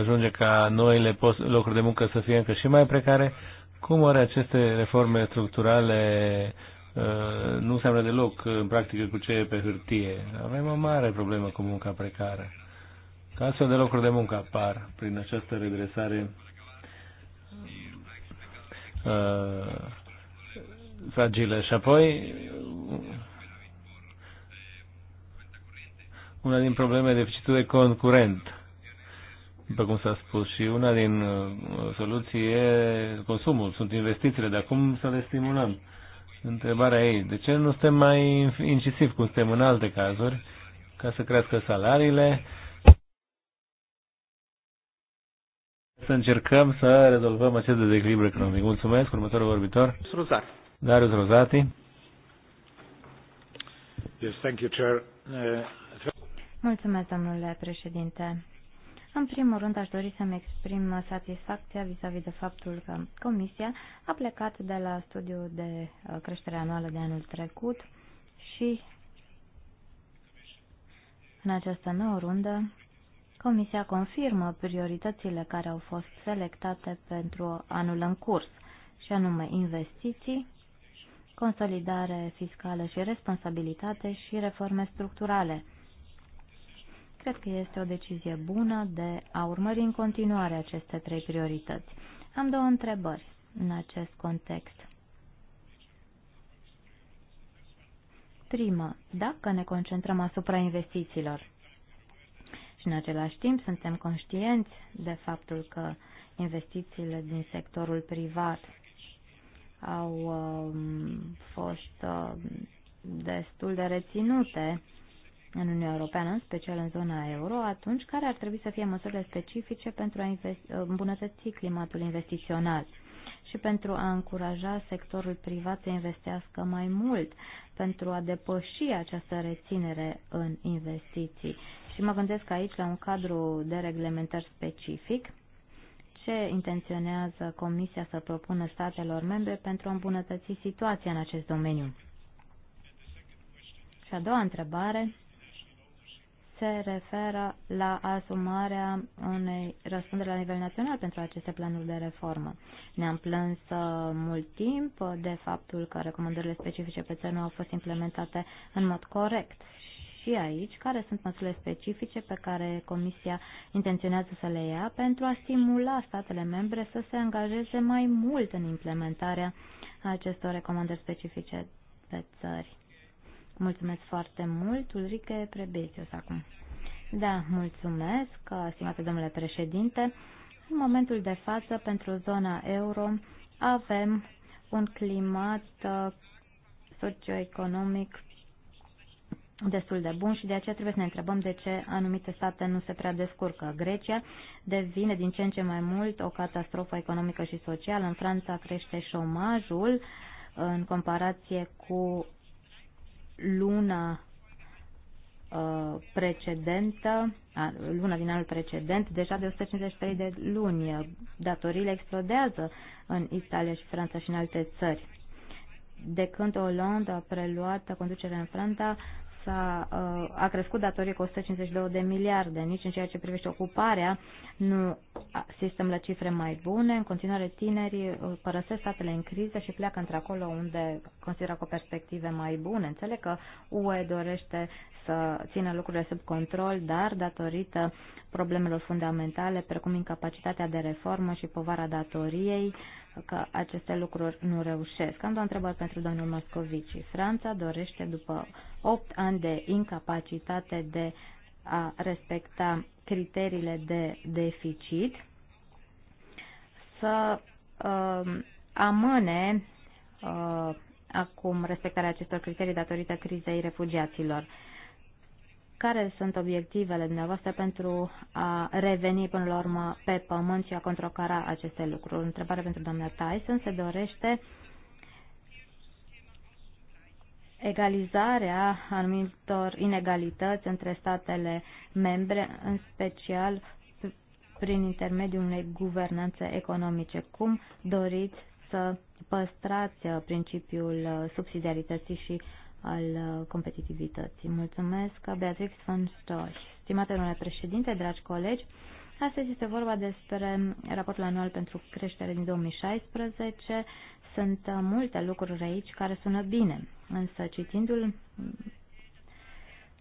ajunge ca noile locuri de muncă să fie încă și mai precare. Cum oare aceste reforme structurale Uh, nu seamănă deloc uh, în practică cu ce e pe hârtie. Avem o mare problemă cu munca precară. Că astfel de locuri de muncă apar prin această redresare uh, fragilă. Și apoi, una din probleme e deficitul de cont curent, după cum s-a spus, și una din uh, soluții e consumul, sunt investițiile, de acum să le stimulăm? Uh, întrebarea ei, de ce nu suntem mai incisivi cum suntem în alte cazuri, ca să crească salariile, să încercăm să rezolvăm acest dezechilibru economic. Mulțumesc, următorul vorbitor. Rozar. Darius Rozati. Yes, thank you, Chair. Uh, Mulțumesc, domnule președinte. În primul rând, aș dori să-mi exprim satisfacția vis-a-vis -vis de faptul că Comisia a plecat de la studiul de uh, creștere anuală de anul trecut și în această nouă rundă, Comisia confirmă prioritățile care au fost selectate pentru anul în curs, și anume investiții, consolidare fiscală și responsabilitate și reforme structurale Cred că este o decizie bună de a urmări în continuare aceste trei priorități. Am două întrebări în acest context. Prima, dacă ne concentrăm asupra investițiilor și în același timp suntem conștienți de faptul că investițiile din sectorul privat au um, fost uh, destul de reținute în Uniunea Europeană, în special în zona euro, atunci care ar trebui să fie măsurile specifice pentru a îmbunătăți climatul investițional și pentru a încuraja sectorul privat să investească mai mult pentru a depăși această reținere în investiții. Și mă gândesc aici la un cadru de reglementări specific ce intenționează Comisia să propună statelor membre pentru a îmbunătăți situația în acest domeniu. Și a doua întrebare se referă la asumarea unei răspundere la nivel național pentru aceste planuri de reformă. Ne-am plâns uh, mult timp de faptul că recomandările specifice pe țări nu au fost implementate în mod corect. Și aici, care sunt măsurile specifice pe care Comisia intenționează să le ia pentru a stimula statele membre să se angajeze mai mult în implementarea acestor recomandări specifice pe țări? Mulțumesc foarte mult, Ulrike Prebețios, acum. Da, mulțumesc, uh, stimate domnule președinte. În momentul de față, pentru zona euro, avem un climat uh, socioeconomic destul de bun și de aceea trebuie să ne întrebăm de ce anumite state nu se prea descurcă. Grecia devine din ce în ce mai mult o catastrofă economică și socială. În Franța crește șomajul în comparație cu luna uh, precedentă, luna din anul precedent, deja de 153 de luni. Datoriile explodează în Italia și Franța și în alte țări. De când Olanda a preluat conducerea în Franța, s-a, uh, a crescut datorie cu 152 de miliarde. Nici în ceea ce privește ocuparea nu asistăm la cifre mai bune. În continuare, tinerii uh, părăsesc statele în criză și pleacă într-acolo unde consideră cu perspective mai bune. Înțeleg că UE dorește să țină lucrurile sub control, dar datorită problemelor fundamentale, precum incapacitatea de reformă și povara datoriei, că aceste lucruri nu reușesc. Am două întrebări pentru domnul Moscovici. Franța dorește, după 8 ani de incapacitate de a respecta criteriile de deficit, să uh, amâne uh, acum respectarea acestor criterii datorită crizei refugiaților. Uh, care sunt obiectivele dumneavoastră pentru a reveni până la urmă pe pământ și a controcara aceste lucruri? Întrebare pentru doamna Tyson. Se dorește egalizarea anumitor inegalități între statele membre, în special prin intermediul unei guvernanțe economice. Cum doriți să păstrați uh, principiul uh, subsidiarității și al uh, competitivității. Mulțumesc, Beatrix von Stoch. Stimate domnule președinte, dragi colegi, astăzi este vorba despre raportul anual pentru creștere din 2016. Sunt uh, multe lucruri aici care sună bine, însă citindu-l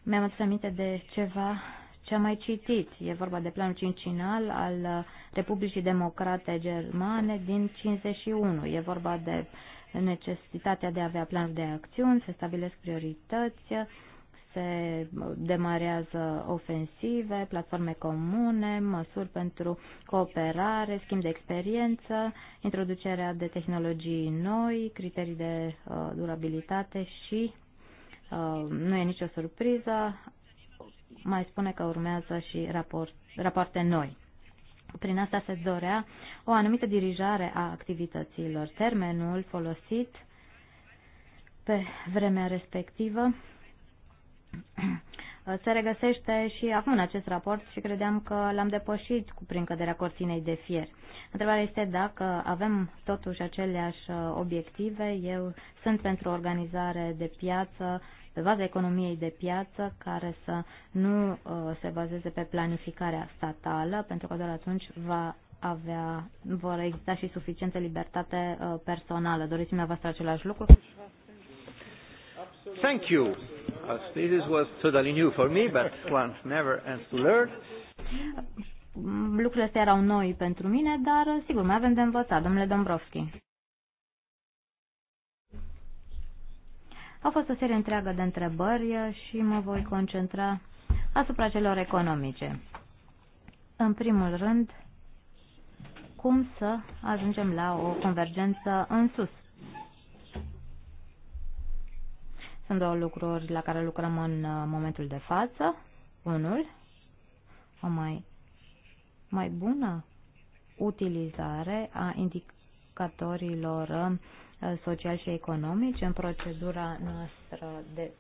mi-am adus aminte de ceva ce am mai citit. E vorba de planul cincinal al uh, Republicii Democrate Germane din 51. E vorba de uh, necesitatea de a avea plan de acțiuni, se stabilesc priorități, se demarează ofensive, platforme comune, măsuri pentru cooperare, schimb de experiență, introducerea de tehnologii noi, criterii de uh, durabilitate și, uh, nu e nicio surpriză, mai spune că urmează și raport, rapoarte noi. Prin asta se dorea o anumită dirijare a activităților. Termenul folosit pe vremea respectivă se regăsește și acum în acest raport și credeam că l-am depășit cu prin căderea cortinei de fier. Întrebarea este dacă avem totuși aceleași uh, obiective. Eu sunt pentru organizare de piață, pe baza economiei de piață, care să nu uh, se bazeze pe planificarea statală, pentru că doar atunci va avea, vor exista și suficientă libertate uh, personală. Doriți dumneavoastră același lucru? Thank you. As thesis was totally new for me, but one never ends to learn. Lucrurile astea erau noi pentru mine, dar sigur, mai avem de învățat, domnule Dombrovski. A fost o serie întreagă de întrebări și mă voi concentra asupra celor economice. În primul rând, cum să ajungem la o convergență în sus Sunt două lucruri la care lucrăm în uh, momentul de față. Unul, o mai, mai bună utilizare a indicatorilor uh, social și economici în procedura noastră de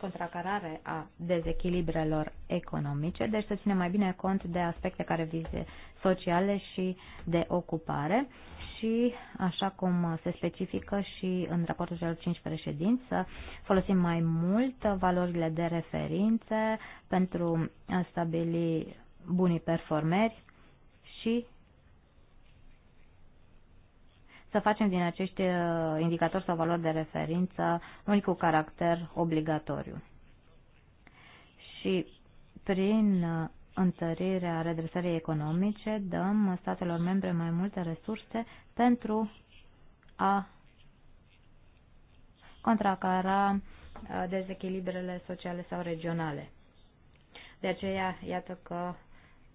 contracarare a dezechilibrelor economice, deci să ținem mai bine cont de aspecte care vize sociale și de ocupare și, așa cum se specifică și în raportul celor 5 președinți, să folosim mai mult valorile de referințe pentru a stabili bunii performeri și să facem din acești uh, indicatori sau valori de referință unii cu caracter obligatoriu. Și prin uh, întărirea redresării economice, dăm statelor membre mai multe resurse pentru a contracara dezechilibrele sociale sau regionale. De aceea, iată că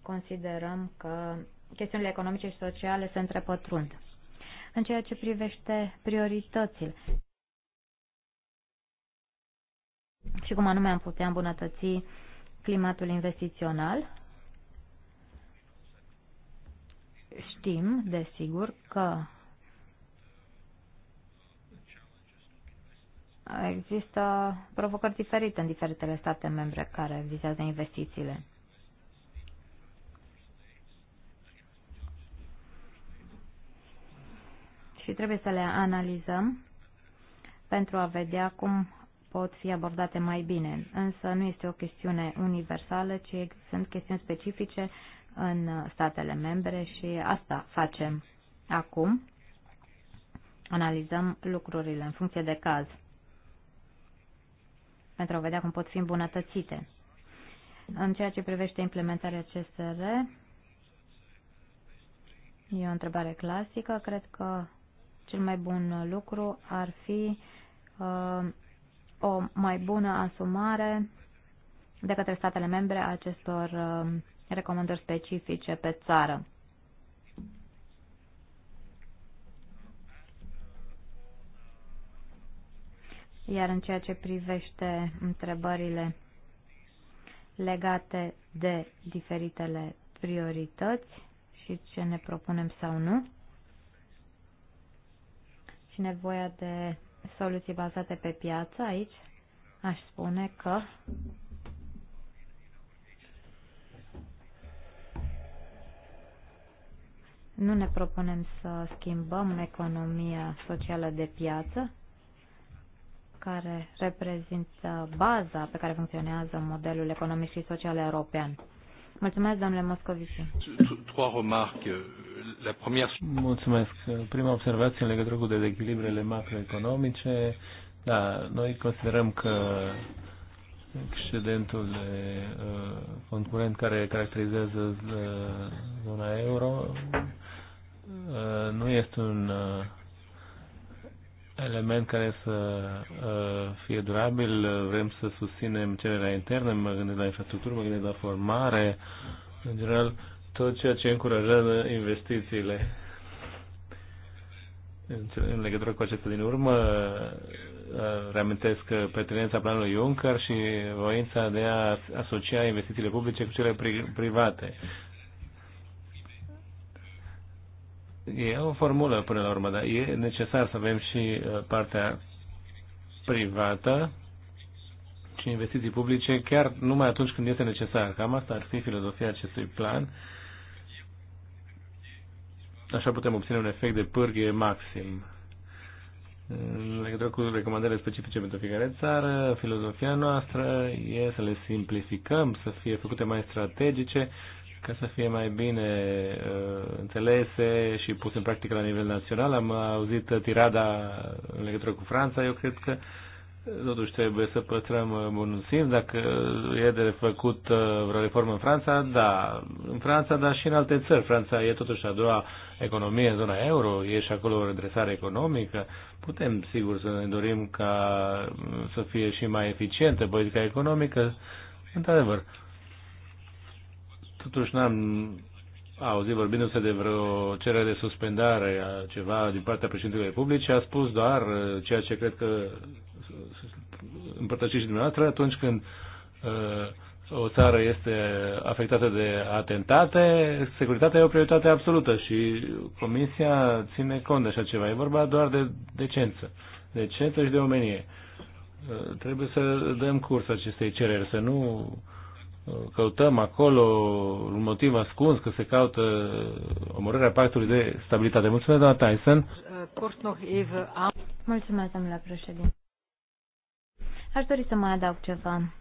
considerăm că chestiunile economice și sociale se întrepătrund. În ceea ce privește prioritățile și cum anume am putea îmbunătăți climatul investițional. Știm, desigur, că există provocări diferite în diferitele state membre care vizează investițiile. Și trebuie să le analizăm pentru a vedea cum pot fi abordate mai bine. Însă nu este o chestiune universală, ci sunt chestiuni specifice în statele membre și asta facem acum. Analizăm lucrurile în funcție de caz pentru a vedea cum pot fi îmbunătățite. În ceea ce privește implementarea CSR, e o întrebare clasică. Cred că cel mai bun lucru ar fi uh, mai bună asumare de către statele membre a acestor um, recomandări specifice pe țară. Iar în ceea ce privește întrebările legate de diferitele priorități și ce ne propunem sau nu, și nevoia de soluții bazate pe piață aici, aș spune că nu ne propunem să schimbăm economia socială de piață, care reprezintă baza pe care funcționează modelul economic și social european. Mulțumesc, domnule Moscovici. Mulțumesc. Prima observație în legătură cu dezechilibrele macroeconomice. Da, noi considerăm că excedentul de uh, concurent care caracterizează uh, zona euro uh, nu este un uh, element care să uh, fie durabil. Vrem să susținem cererea internă, mă gândesc la infrastructură, mă gândesc la formare, în general tot ceea ce încurajează investițiile. În legătură cu acestea din urmă, Uh, reamintesc pertinența planului Juncker și voința de a asocia investițiile publice cu cele private. E o formulă până la urmă, dar e necesar să avem și uh, partea privată și investiții publice chiar numai atunci când este necesar. Cam asta ar fi filozofia acestui plan. Așa putem obține un efect de pârghie maxim în legătură cu recomandările specifice pentru fiecare țară, filozofia noastră e să le simplificăm, să fie făcute mai strategice, ca să fie mai bine uh, înțelese și puse în practică la nivel național. Am auzit tirada în legătură cu Franța. Eu cred că uh, Totuși trebuie să păstrăm uh, bunăsim. Dacă e de făcut uh, vreo reformă în Franța, da. În Franța, dar și în alte țări. Franța e totuși a doua economie în zona euro, e și acolo o redresare economică. Putem, sigur, să ne dorim ca uh, să fie și mai eficientă politica economică. Într-adevăr. Totuși n-am auzit vorbindu-se de vreo cerere de suspendare a ceva din partea președintelui Republicii, a spus doar ceea ce cred că împărtășiți și dumneavoastră atunci când uh, o țară este afectată de atentate, securitatea e o prioritate absolută și Comisia ține cont de așa ceva. E vorba doar de decență. Decență și de omenie. Uh, trebuie să dăm curs acestei cereri, să nu uh, căutăm acolo un motiv ascuns că se caută omorârea pactului de stabilitate. Mulțumesc, doamna Tyson. Mulțumesc, domnule președinte. Aș dori să mai adaug ceva.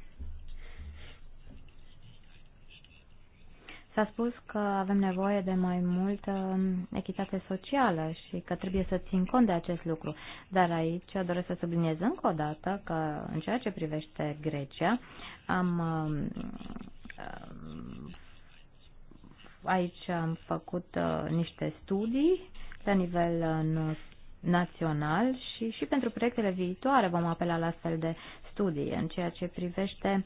S-a spus că avem nevoie de mai multă echitate socială și că trebuie să țin cont de acest lucru. Dar aici doresc să subliniez încă o dată că în ceea ce privește Grecia am aici am făcut uh, niște studii la nivel uh, național și, și pentru proiectele viitoare vom apela la astfel de studii. În ceea ce privește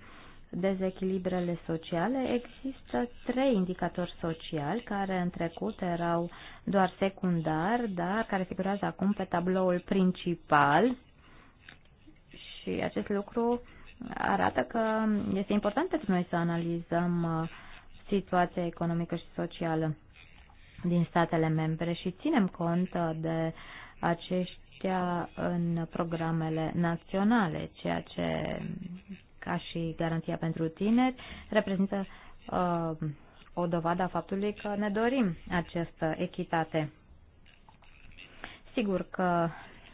dezechilibrele sociale, există trei indicatori sociali care în trecut erau doar secundari, dar care figurează acum pe tabloul principal și acest lucru arată că este important pentru noi să analizăm uh, situația economică și socială din statele membre și ținem cont uh, de aceștia în programele naționale, ceea ce, ca și garanția pentru tineri, reprezintă uh, o dovadă a faptului că ne dorim această echitate. Sigur că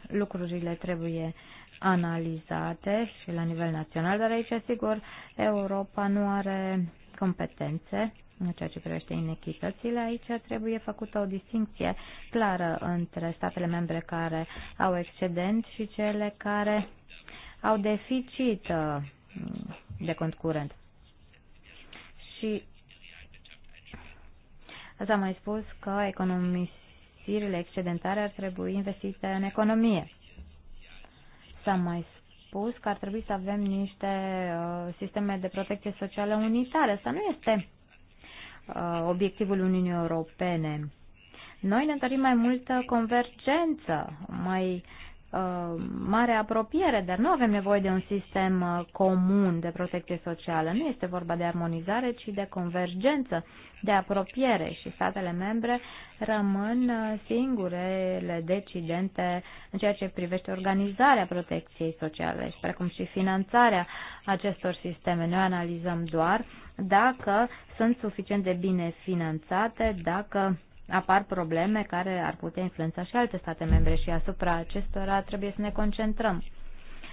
lucrurile trebuie analizate și la nivel național, dar aici, sigur, Europa nu are competențe în ceea ce privește inechitățile, aici trebuie făcută o distinție clară între statele membre care au excedent și cele care au deficit uh, de cont curent. Și s-a mai spus că economisirile excedentare ar trebui investite în economie. S-a mai spus că ar trebui să avem niște uh, sisteme de protecție socială unitare. Asta nu este Uh, obiectivul Uniunii Europene. Noi ne dorim mai multă convergență, mai uh, Uh, mare apropiere, dar nu avem nevoie de un sistem uh, comun de protecție socială. Nu este vorba de armonizare, ci de convergență, de apropiere și statele membre rămân uh, singurele decidente în ceea ce privește organizarea protecției sociale și precum și finanțarea acestor sisteme. Noi analizăm doar dacă sunt suficient de bine finanțate, dacă apar probleme care ar putea influența și alte state membre și asupra acestora trebuie să ne concentrăm.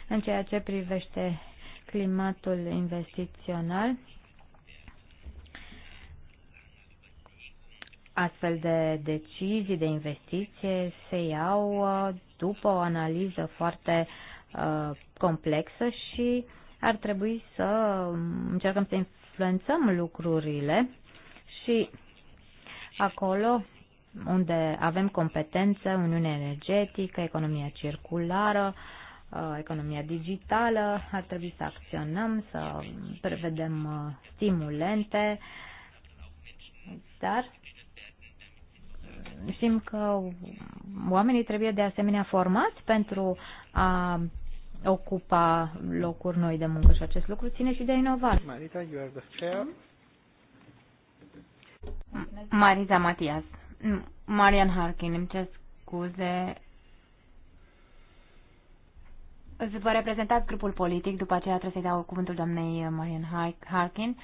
În ceea ce privește climatul investițional, astfel de decizii de investiție se iau uh, după o analiză foarte uh, complexă și ar trebui să um, încercăm să influențăm lucrurile și acolo unde avem competență, uniune Energetică, economia circulară, uh, economia digitală, ar trebui să acționăm, să prevedem uh, stimulente, dar știm că oamenii trebuie de asemenea formați pentru a ocupa locuri noi de muncă și acest lucru ține și de inovare. Marita, you are the chair. Mhm. Mariza Matias. Marian Harkin, îmi cer scuze. Îți vă reprezentați grupul politic, după aceea trebuie să-i dau cuvântul doamnei Marian Harkin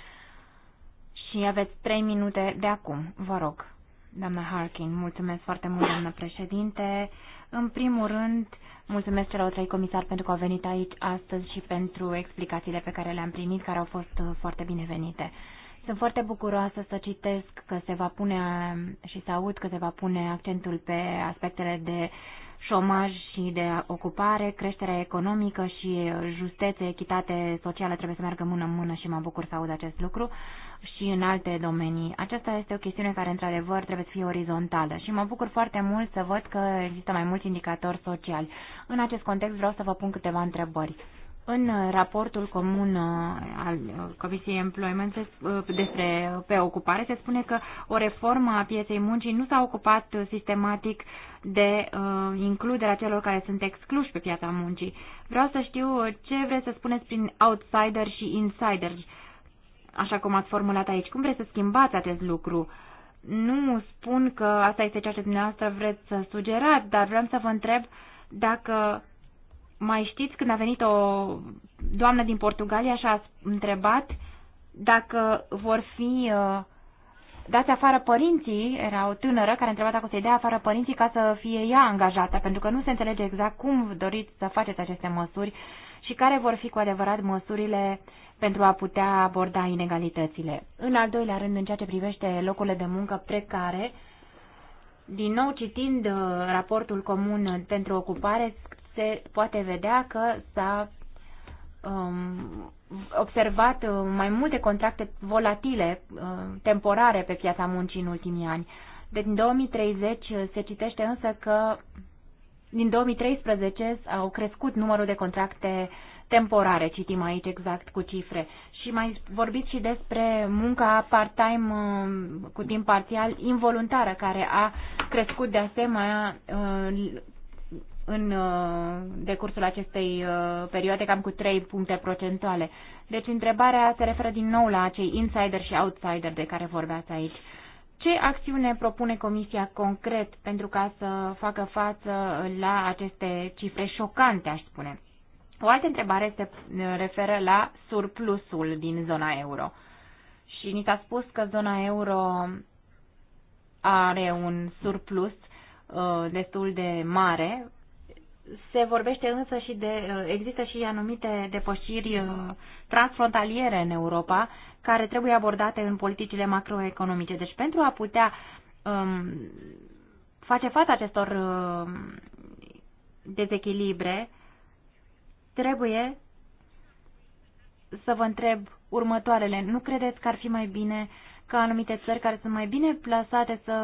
și aveți trei minute de acum, vă rog. Doamna Harkin, mulțumesc foarte mult, doamnă președinte. În primul rând, mulțumesc celor trei comisari pentru că au venit aici astăzi și pentru explicațiile pe care le-am primit, care au fost uh, foarte binevenite. Sunt foarte bucuroasă să citesc că se va pune și să aud că se va pune accentul pe aspectele de șomaj și de ocupare, creșterea economică și justețe, echitate socială trebuie să meargă mână în mână și mă bucur să aud acest lucru și în alte domenii. Aceasta este o chestiune care, într-adevăr, trebuie să fie orizontală și mă bucur foarte mult să văd că există mai mulți indicatori sociali. În acest context vreau să vă pun câteva întrebări. În uh, raportul comun uh, al uh, Comisiei Employment despre pe ocupare se spune că o reformă a pieței muncii nu s-a ocupat sistematic de uh, includerea celor care sunt excluși pe piața muncii. Vreau să știu ce vreți să spuneți prin outsider și insider, așa cum ați formulat aici. Cum vreți să schimbați acest lucru? Nu spun că asta este ceea ce dumneavoastră vreți să sugerați, dar vreau să vă întreb dacă mai știți când a venit o doamnă din Portugalia și a întrebat dacă vor fi uh, dați afară părinții, era o tânără care întrebat dacă o să-i dea afară părinții ca să fie ea angajată, pentru că nu se înțelege exact cum doriți să faceți aceste măsuri și care vor fi cu adevărat măsurile pentru a putea aborda inegalitățile. În al doilea rând, în ceea ce privește locurile de muncă precare, din nou citind uh, raportul comun pentru ocupare, se poate vedea că s-a um, observat uh, mai multe contracte volatile, uh, temporare pe piața muncii în ultimii ani. Deci în 2030 uh, se citește însă că din 2013 au crescut numărul de contracte temporare, citim aici exact cu cifre. Și mai vorbit și despre munca part-time cu timp parțial involuntară, care a crescut de asemenea în uh, decursul acestei uh, perioade cam cu 3 puncte procentuale. Deci întrebarea se referă din nou la acei insider și outsider de care vorbeați aici. Ce acțiune propune Comisia concret pentru ca să facă față la aceste cifre șocante, aș spune? O altă întrebare se uh, referă la surplusul din zona euro. Și ni s-a spus că zona euro are un surplus destul de mare se vorbește însă și de, uh, există și anumite depășiri uh, transfrontaliere în Europa care trebuie abordate în politicile macroeconomice. Deci pentru a putea um, face față acestor um, dezechilibre, trebuie să vă întreb următoarele. Nu credeți că ar fi mai bine ca anumite țări care sunt mai bine plasate să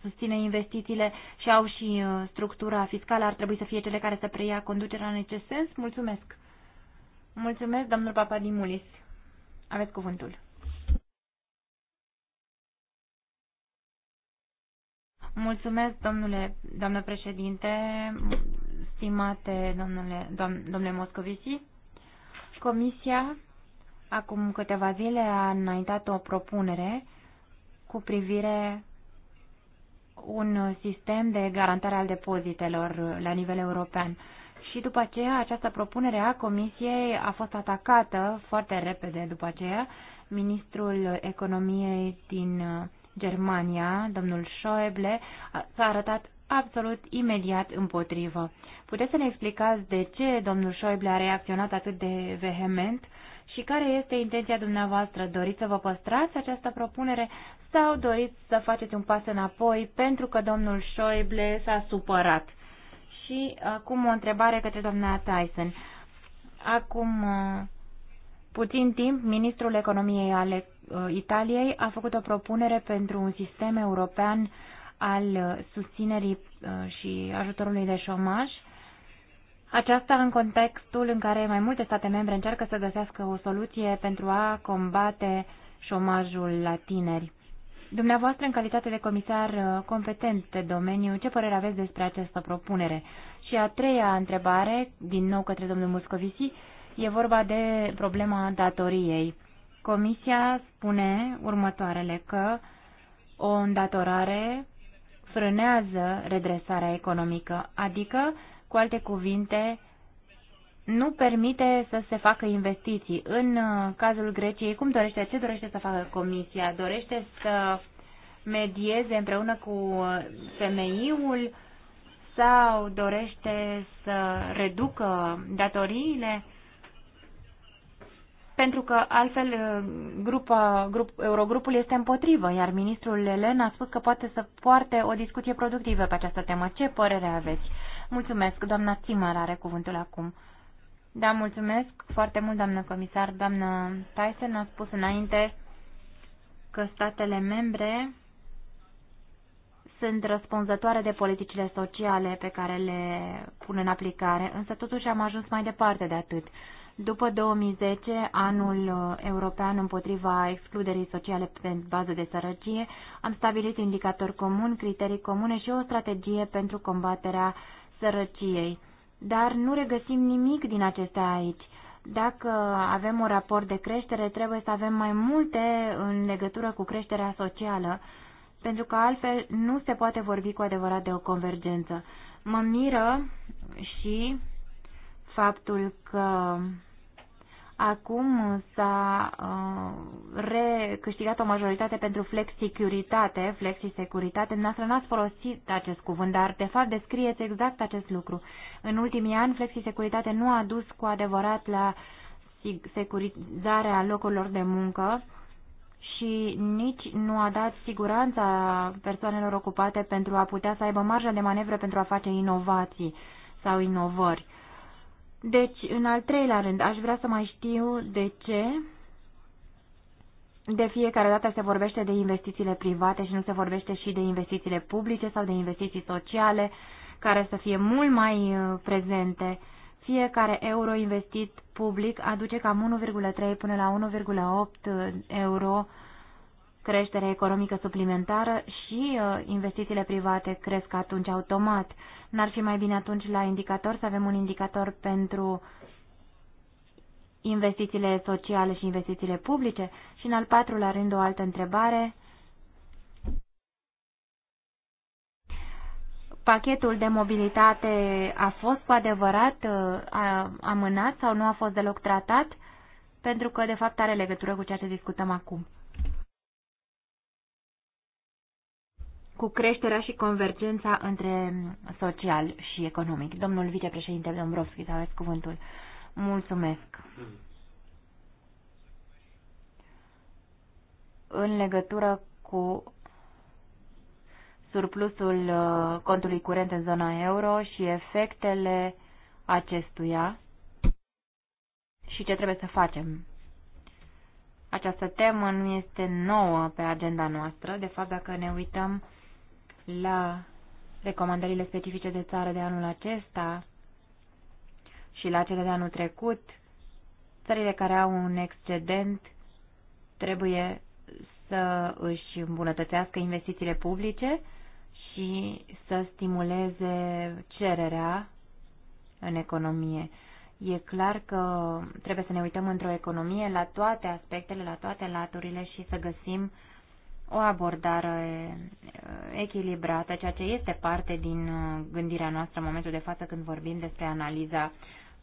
susține investițiile și au și uh, structura fiscală, ar trebui să fie cele care să preia conducerea în acest sens? Mulțumesc! Mulțumesc, domnul Papadimulis. Aveți cuvântul. Mulțumesc, domnule, doamnă președinte, stimate domnule, domnule Moscovici. Comisia, acum câteva zile, a înaintat o propunere cu privire un uh, sistem de garantare al depozitelor uh, la nivel european. Și după aceea, această propunere a Comisiei a fost atacată foarte repede după aceea. Ministrul Economiei din uh, Germania, domnul Schäuble, s-a arătat absolut imediat împotrivă. Puteți să ne explicați de ce domnul Schäuble a reacționat atât de vehement și care este intenția dumneavoastră? Doriți să vă păstrați această propunere sau doriți să faceți un pas înapoi pentru că domnul Schäuble s-a supărat? Și acum o întrebare către doamna Tyson. Acum uh, puțin timp, ministrul economiei ale uh, Italiei a făcut o propunere pentru un sistem european al uh, susținerii și ajutorului de șomaj aceasta în contextul în care mai multe state membre încearcă să găsească o soluție pentru a combate șomajul la tineri. Dumneavoastră, în calitate de comisar uh, competent pe domeniu, ce părere aveți despre această propunere? Și a treia întrebare, din nou către domnul Muscovici, e vorba de problema datoriei. Comisia spune următoarele că o îndatorare frânează redresarea economică, adică cu alte cuvinte, nu permite să se facă investiții. În uh, cazul Greciei, cum dorește, ce dorește să facă Comisia? Dorește să medieze împreună cu uh, femeiul sau dorește să reducă datoriile? Pentru că altfel uh, grupa, grup, Eurogrupul este împotrivă, iar ministrul Elen a spus că poate să poarte o discuție productivă pe această temă. Ce părere aveți? Mulțumesc. Doamna Țimăr are cuvântul acum. Da, mulțumesc foarte mult, doamnă comisar. Doamnă Tyson a spus înainte că statele membre sunt răspunzătoare de politicile sociale pe care le pun în aplicare, însă totuși am ajuns mai departe de atât. După 2010, anul european împotriva excluderii sociale pe bază de sărăcie, am stabilit indicatori comuni, criterii comune și o strategie pentru combaterea sărăciei, dar nu regăsim nimic din acestea aici. Dacă avem un raport de creștere, trebuie să avem mai multe în legătură cu creșterea socială, pentru că altfel nu se poate vorbi cu adevărat de o convergență. Mă miră și faptul că Acum s-a uh, recâștigat o majoritate pentru flexicuritate, flexisecuritate. Noastră n-ați folosit acest cuvânt, dar de fapt descrieți exact acest lucru. În ultimii ani, flexisecuritate nu a dus cu adevărat la securizarea locurilor de muncă și nici nu a dat siguranța persoanelor ocupate pentru a putea să aibă marja de manevră pentru a face inovații sau inovări. Deci, în al treilea rând, aș vrea să mai știu de ce de fiecare dată se vorbește de investițiile private și nu se vorbește și de investițiile publice sau de investiții sociale, care să fie mult mai uh, prezente. Fiecare euro investit public aduce cam 1,3 până la 1,8 uh, euro creștere economică suplimentară și uh, investițiile private cresc atunci automat. N-ar fi mai bine atunci la indicator să avem un indicator pentru investițiile sociale și investițiile publice? Și în al patrulea rând o altă întrebare. Pachetul de mobilitate a fost cu adevărat uh, amânat sau nu a fost deloc tratat? Pentru că, de fapt, are legătură cu ceea ce discutăm acum. cu creșterea și convergența între mm, social și economic. Domnul vicepreședinte Dombrovski, să aveți cuvântul. Mulțumesc. În legătură cu surplusul uh, contului curent în zona euro și efectele acestuia și ce trebuie să facem. Această temă nu este nouă pe agenda noastră. De fapt, dacă ne uităm la recomandările specifice de țară de anul acesta și la cele de anul trecut, țările care au un excedent trebuie să își îmbunătățească investițiile publice și să stimuleze cererea în economie. E clar că trebuie să ne uităm într-o economie la toate aspectele, la toate laturile și să găsim uh, o abordare uh, echilibrată, ceea ce este parte din uh, gândirea noastră în momentul de față când vorbim despre analiza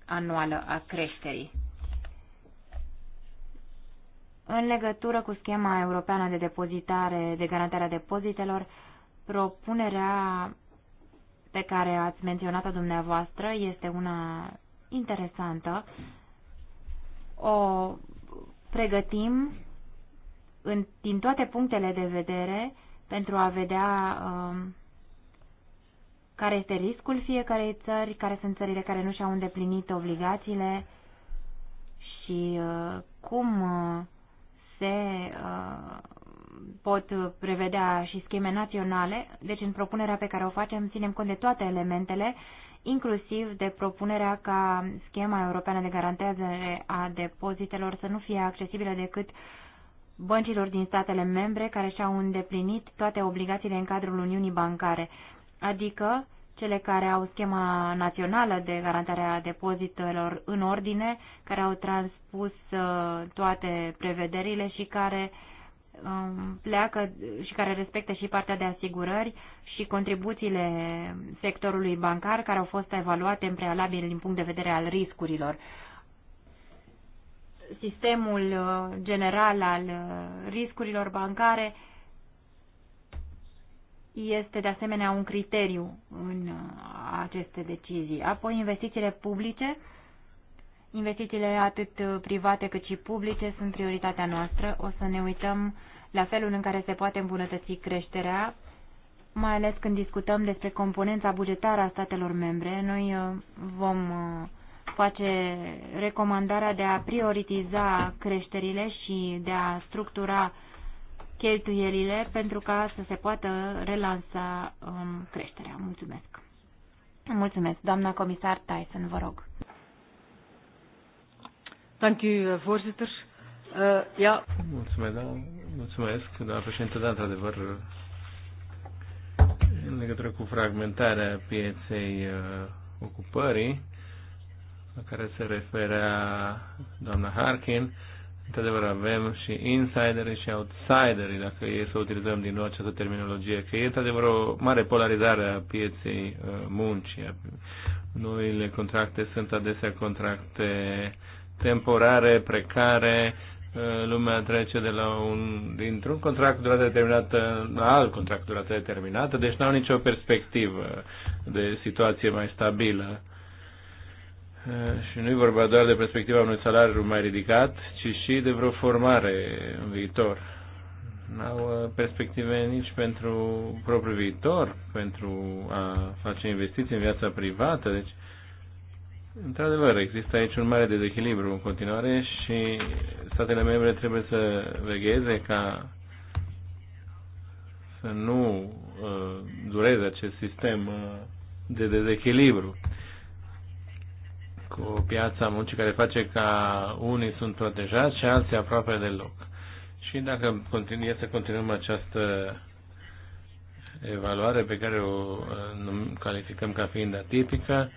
anuală a creșterii. În legătură cu schema europeană de depozitare, de garantarea depozitelor, propunerea pe care ați menționat-o dumneavoastră este una interesantă. O pregătim în, din toate punctele de vedere pentru a vedea um, care este riscul fiecarei țări, care sunt țările care nu și-au îndeplinit obligațiile și uh, cum uh, se uh, pot prevedea și scheme naționale. Deci în propunerea pe care o facem ținem cont de toate elementele, inclusiv de propunerea ca schema europeană de garantare a depozitelor să nu fie accesibilă decât uh, băncilor din statele membre care și-au îndeplinit toate obligațiile în cadrul Uniunii Bancare, adică cele care au schema națională de garantare a depozitelor în ordine, care au transpus uh, toate prevederile și care um, pleacă și care respectă și partea de asigurări și contribuțiile sectorului bancar care au fost evaluate în prealabil din punct de vedere al riscurilor sistemul uh, general al uh, riscurilor bancare este de asemenea un criteriu în uh, aceste decizii. Apoi investițiile publice, investițiile atât private cât și publice sunt prioritatea noastră. O să ne uităm la felul în care se poate îmbunătăți creșterea, mai ales când discutăm despre componența bugetară a statelor membre. Noi vom face recomandarea de a prioritiza creșterile și de a structura cheltuielile pentru ca să se poată relansa um, creșterea. Mulțumesc. Mulțumesc. Doamna comisar Tyson, vă rog. Thank you, eh, voorzitter. Uh, eh, yeah. Mulțumesc, da. Mulțumesc, doamna președinte, da, într-adevăr, în legătură cu fragmentarea pieței uh, ocupării, la care se referea doamna Harkin. Într-adevăr, avem și insideri și outsideri, dacă e să utilizăm din nou această terminologie, că e într-adevăr o mare polarizare a pieței uh, muncii. Noile contracte sunt adesea contracte temporare, precare, uh, lumea trece de la un, dintr-un contract durată determinată la alt contract durată determinată, deci nu au nicio perspectivă de situație mai stabilă și nu e vorba doar de perspectiva unui salariu mai ridicat, ci și de vreo formare în viitor. N-au perspective nici pentru propriul viitor, pentru a face investiții în viața privată. Deci, într-adevăr, există aici un mare dezechilibru în continuare și statele membre trebuie să vegheze ca să nu uh, dureze acest sistem uh, de dezechilibru. Uh, cu piața muncii care face ca unii sunt protejați și alții aproape deloc. Și dacă continuie să continuăm această evaluare pe care o uh, calificăm ca fiind atipică,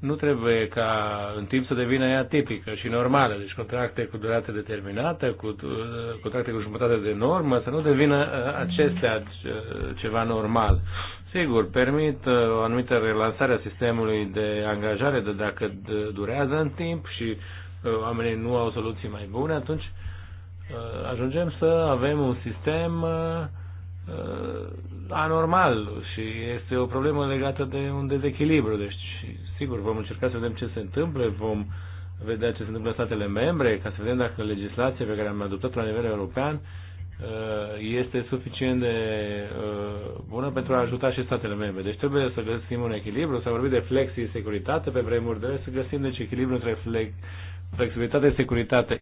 nu trebuie ca în timp să devină ea tipică și normală, deci contracte cu durată determinată, cu uh, contracte cu jumătate de normă, să nu devină uh, acestea ceva normal sigur, permit uh, o anumită relansare a sistemului de angajare, de dacă durează în timp și uh, oamenii nu au soluții mai bune, atunci uh, ajungem să avem un sistem anormal și este o problemă legată de un dezechilibru. Deci, sigur, vom încerca să vedem ce se întâmplă, vom vedea ce se întâmplă în statele membre, ca să vedem dacă legislația pe care am adoptat-o la nivel european Uh, este suficient de uh, bună pentru a ajuta și statele membre. Deci trebuie să găsim un echilibru, s-a vorbit de flexi securitate pe vremuri, trebuie să găsim deci echilibru între flex, flexibilitate și securitate.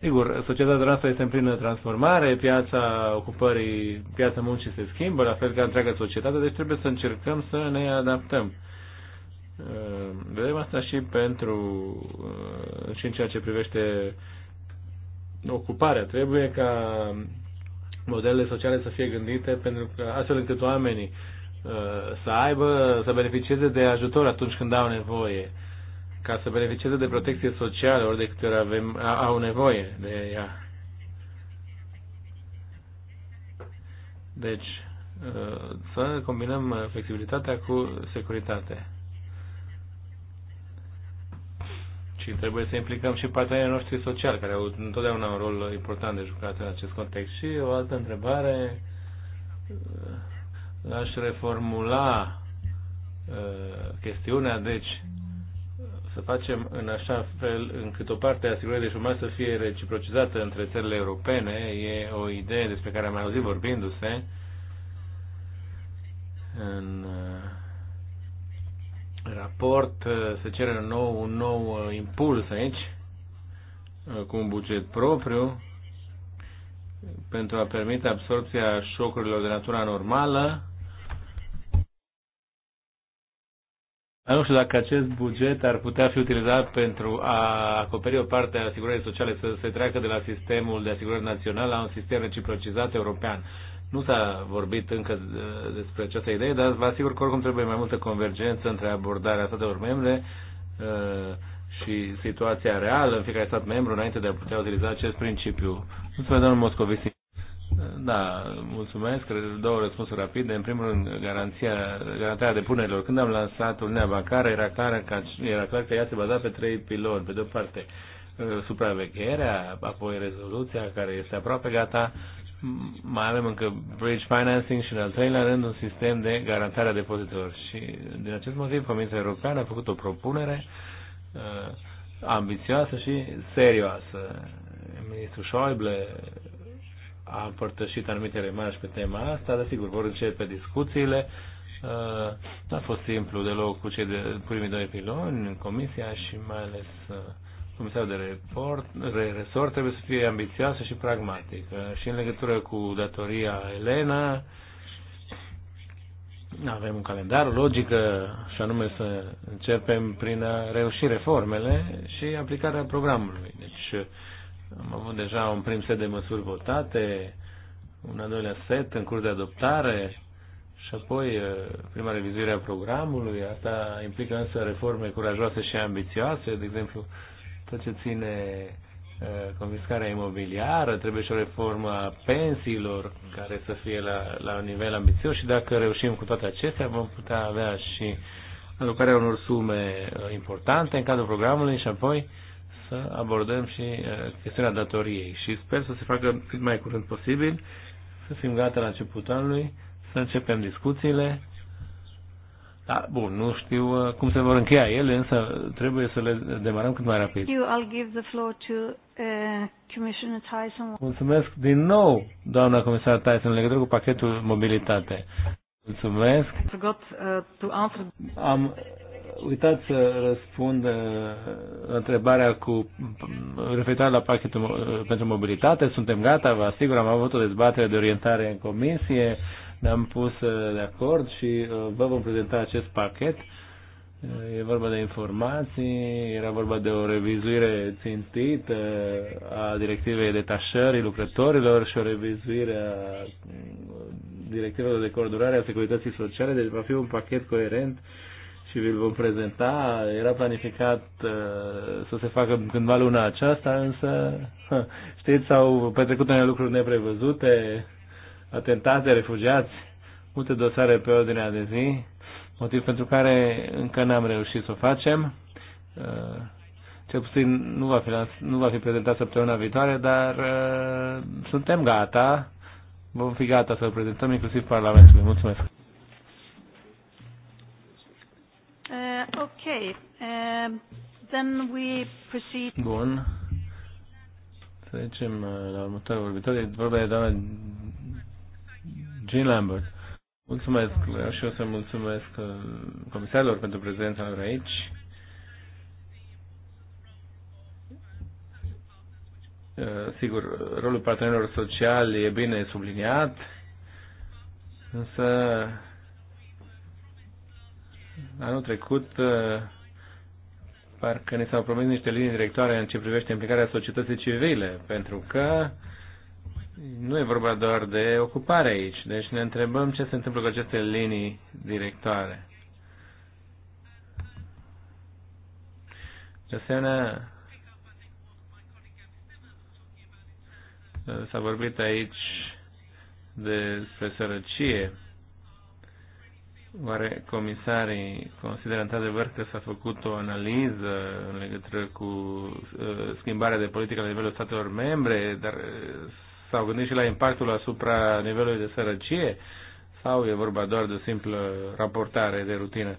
Sigur, societatea noastră este în plină transformare, piața ocupării, piața muncii se schimbă, la fel ca întreaga societate, deci trebuie să încercăm să ne adaptăm vedem asta și pentru uh, și în ceea ce privește ocuparea. Trebuie ca modelele sociale să fie gândite pentru că astfel încât oamenii uh, să aibă, să beneficieze de ajutor atunci când au nevoie, ca să beneficieze de protecție socială ori de câte ori avem, au nevoie de ea. Deci, uh, să combinăm flexibilitatea cu securitate. și trebuie să implicăm și partenerii noștri sociali, care au întotdeauna un rol important de jucat în acest context. Și o altă întrebare, uh, aș reformula uh, chestiunea, deci să facem în așa fel încât o parte a asigurării de șomaj să fie reciprocizată între țările europene, e o idee despre care am mai auzit vorbindu-se în uh, raport uh, se cere un nou, un nou uh, impuls aici, uh, cu un buget propriu, pentru a permite absorpția șocurilor de natura normală. Nu știu dacă acest buget ar putea fi utilizat pentru a acoperi o parte a asigurării sociale să se treacă de la sistemul de asigurări național la un sistem reciprocizat european. Nu s-a vorbit încă uh, despre această idee, dar vă asigur că oricum trebuie mai multă convergență între abordarea statelor membre uh, și situația reală în fiecare stat membru înainte de a putea utiliza acest principiu. Mulțumesc, domnul Moscovici. Da, mulțumesc. Două răspunsuri rapide. În primul rând, garanția, garantarea depunerilor. Când am lansat Uniunea Bancară, era clar, că, era clar că ea se baza pe trei piloni. Pe de-o parte, uh, supravegherea, apoi rezoluția, care este aproape gata, mai avem încă bridge financing și, în al treilea rând, un sistem de garantare a depozitelor. Și, din acest motiv, Comisia Europeană a făcut o propunere uh, ambițioasă și serioasă. Ministrul Schäuble a împărtășit anumite remarci pe tema asta, dar sigur vor începe discuțiile. Uh, nu a fost simplu deloc cu cei de primii doi piloni în comisia și mai ales uh, comisarul de report, re, resort trebuie să fie ambițioasă și pragmatică. Și în legătură cu datoria Elena, avem un calendar logic și anume să începem prin a reuși reformele și aplicarea programului. Deci am avut deja un prim set de măsuri votate, un al doilea set în curs de adoptare și apoi prima revizuire a programului. Asta implică însă reforme curajoase și ambițioase, de exemplu tot ce ține confiscarea imobiliară, trebuie și o reformă a pensiilor care să fie la, la un nivel ambițios și dacă reușim cu toate acestea vom putea avea și alocarea unor sume importante în cadrul programului și apoi să abordăm și chestiunea datoriei și sper să se facă cât mai curând posibil, să fim gata la începutul anului, să începem discuțiile da, bun, nu știu uh, cum se vor încheia ele, însă trebuie să le demarăm cât mai rapid. I'll give the floor to, uh, Tyson. Mulțumesc din nou, doamna comisar Tyson, în legătură cu pachetul mobilitate. Mulțumesc. Forgot, uh, to answer. Am uitat să răspund uh, întrebarea cu mm, referitoare la pachetul uh, pentru mobilitate. Suntem gata, vă asigur, am avut o dezbatere de orientare în comisie ne-am pus uh, de acord și uh, vă vom prezenta acest pachet. Uh, e vorba de informații, era vorba de o revizuire țintită a directivei detașării lucrătorilor și o revizuire a directivelor de coordonare a securității sociale, deci va fi un pachet coerent și vi-l vom prezenta. Era planificat să se facă cândva luna aceasta, însă, [laughs] știți, s-au petrecut unele lucruri neprevăzute, atentate, refugiați, multe dosare pe ordinea de zi, motiv pentru care încă n-am reușit să o facem. Uh, cel puțin nu va fi, nu va fi prezentat săptămâna viitoare, dar uh, suntem gata, vom fi gata să o prezentăm inclusiv Parlamentului. Mulțumesc! Uh, okay. Uh, then we proceed. Bun. Să zicem uh, la următorul vorbitor. E vorba de doamna Jean Lambert. Mulțumesc și o să mulțumesc uh, comisarilor pentru prezența lor aici. Uh, sigur, rolul partenerilor sociali e bine subliniat, însă anul trecut uh, parcă ne s-au promis niște linii directoare în ce privește implicarea societății civile, pentru că nu e vorba doar de ocupare aici, deci ne întrebăm ce se întâmplă cu aceste linii directoare. De asemenea, s-a vorbit aici despre sărăcie. Oare comisarii consideră într-adevăr că s-a făcut o analiză în legătură cu uh, schimbarea de politică la nivelul statelor membre, dar uh, S-au gândit și la impactul asupra nivelului de sărăcie? Sau e vorba doar de simplă raportare de rutină?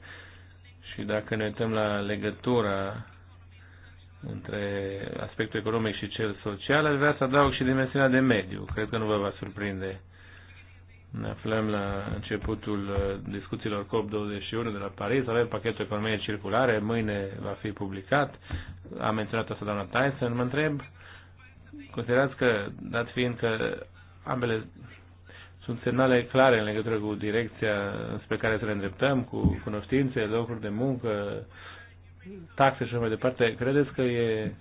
Și dacă ne uităm la legătura între aspectul economic și cel social, aș vrea să adaug și dimensiunea de mediu. Cred că nu vă va surprinde. Ne aflăm la începutul uh, discuțiilor COP21 de la Paris, avem pachetul economiei circulare, mâine va fi publicat, a menționat asta doamna Tyson, mă întreb Considerați că, dat fiind că ambele sunt semnale clare în legătură cu direcția spre care să ne îndreptăm, cu cunoștințe, locuri de muncă, taxe și așa mai departe, credeți că e,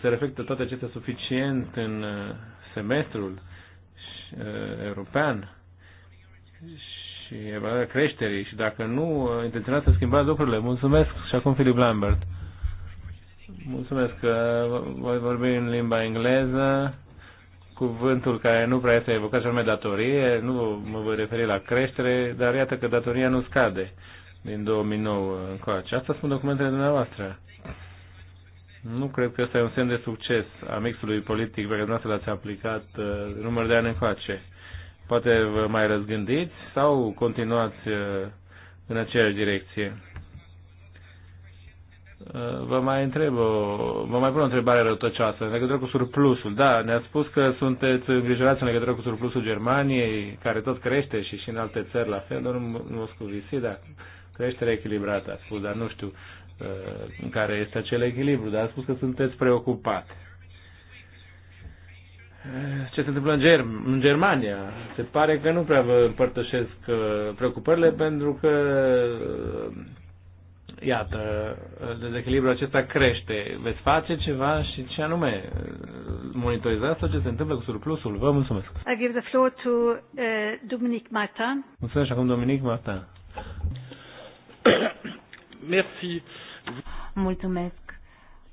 se reflectă toate acestea suficient în uh, semestrul uh, european și evaluarea creșterii și dacă nu, uh, intenționați să schimbați lucrurile. Mulțumesc și acum Filip Lambert. Mulțumesc că voi vorbi în limba engleză. Cuvântul care nu prea este evocat și anume datorie, nu mă voi referi la creștere, dar iată că datoria nu scade din 2009 încoace. Asta spun documentele dumneavoastră. Nu cred că ăsta e un semn de succes a mixului politic pe care dumneavoastră l-ați aplicat uh, număr de ani încoace. Poate vă mai răzgândiți sau continuați uh, în aceeași direcție. Vă mai întreb, o, vă mai pun o întrebare rătăcioasă în legătură cu surplusul. Da, ne a spus că sunteți îngrijorați în legătură cu surplusul Germaniei, care tot crește și și în alte țări la fel, domnul Moscovici, da, creștere echilibrată, a spus, dar nu știu în uh, care este acel echilibru, dar a spus că sunteți preocupat. Uh, ce se întâmplă în, Germ- în Germania? Se pare că nu prea vă împărtășesc uh, preocupările pentru că iată, dezechilibrul acesta crește. Veți face ceva și ce anume? Monitorizați tot ce se întâmplă cu surplusul. Vă mulțumesc. I give the floor to uh, Dominic Martin. Mulțumesc acum Dominic Martin. [coughs] Merci. Mulțumesc.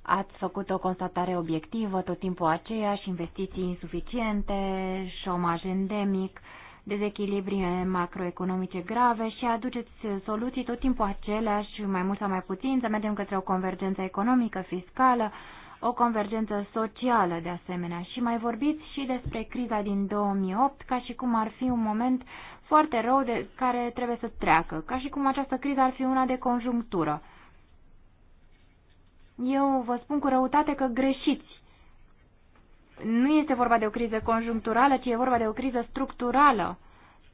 Ați făcut o constatare obiectivă tot timpul aceeași, investiții insuficiente, șomaj endemic, uh, dezechilibre macroeconomice grave și aduceți soluții tot timpul aceleași, mai mult sau mai puțin, să mergem către o convergență economică, fiscală, o convergență socială de asemenea. Și mai vorbiți și despre criza din 2008, ca și cum ar fi un moment foarte rău de care trebuie să treacă, ca și cum această criză ar fi una de conjunctură. Eu vă spun cu răutate că greșiți nu este vorba de o criză conjuncturală, ci e vorba de o criză structurală.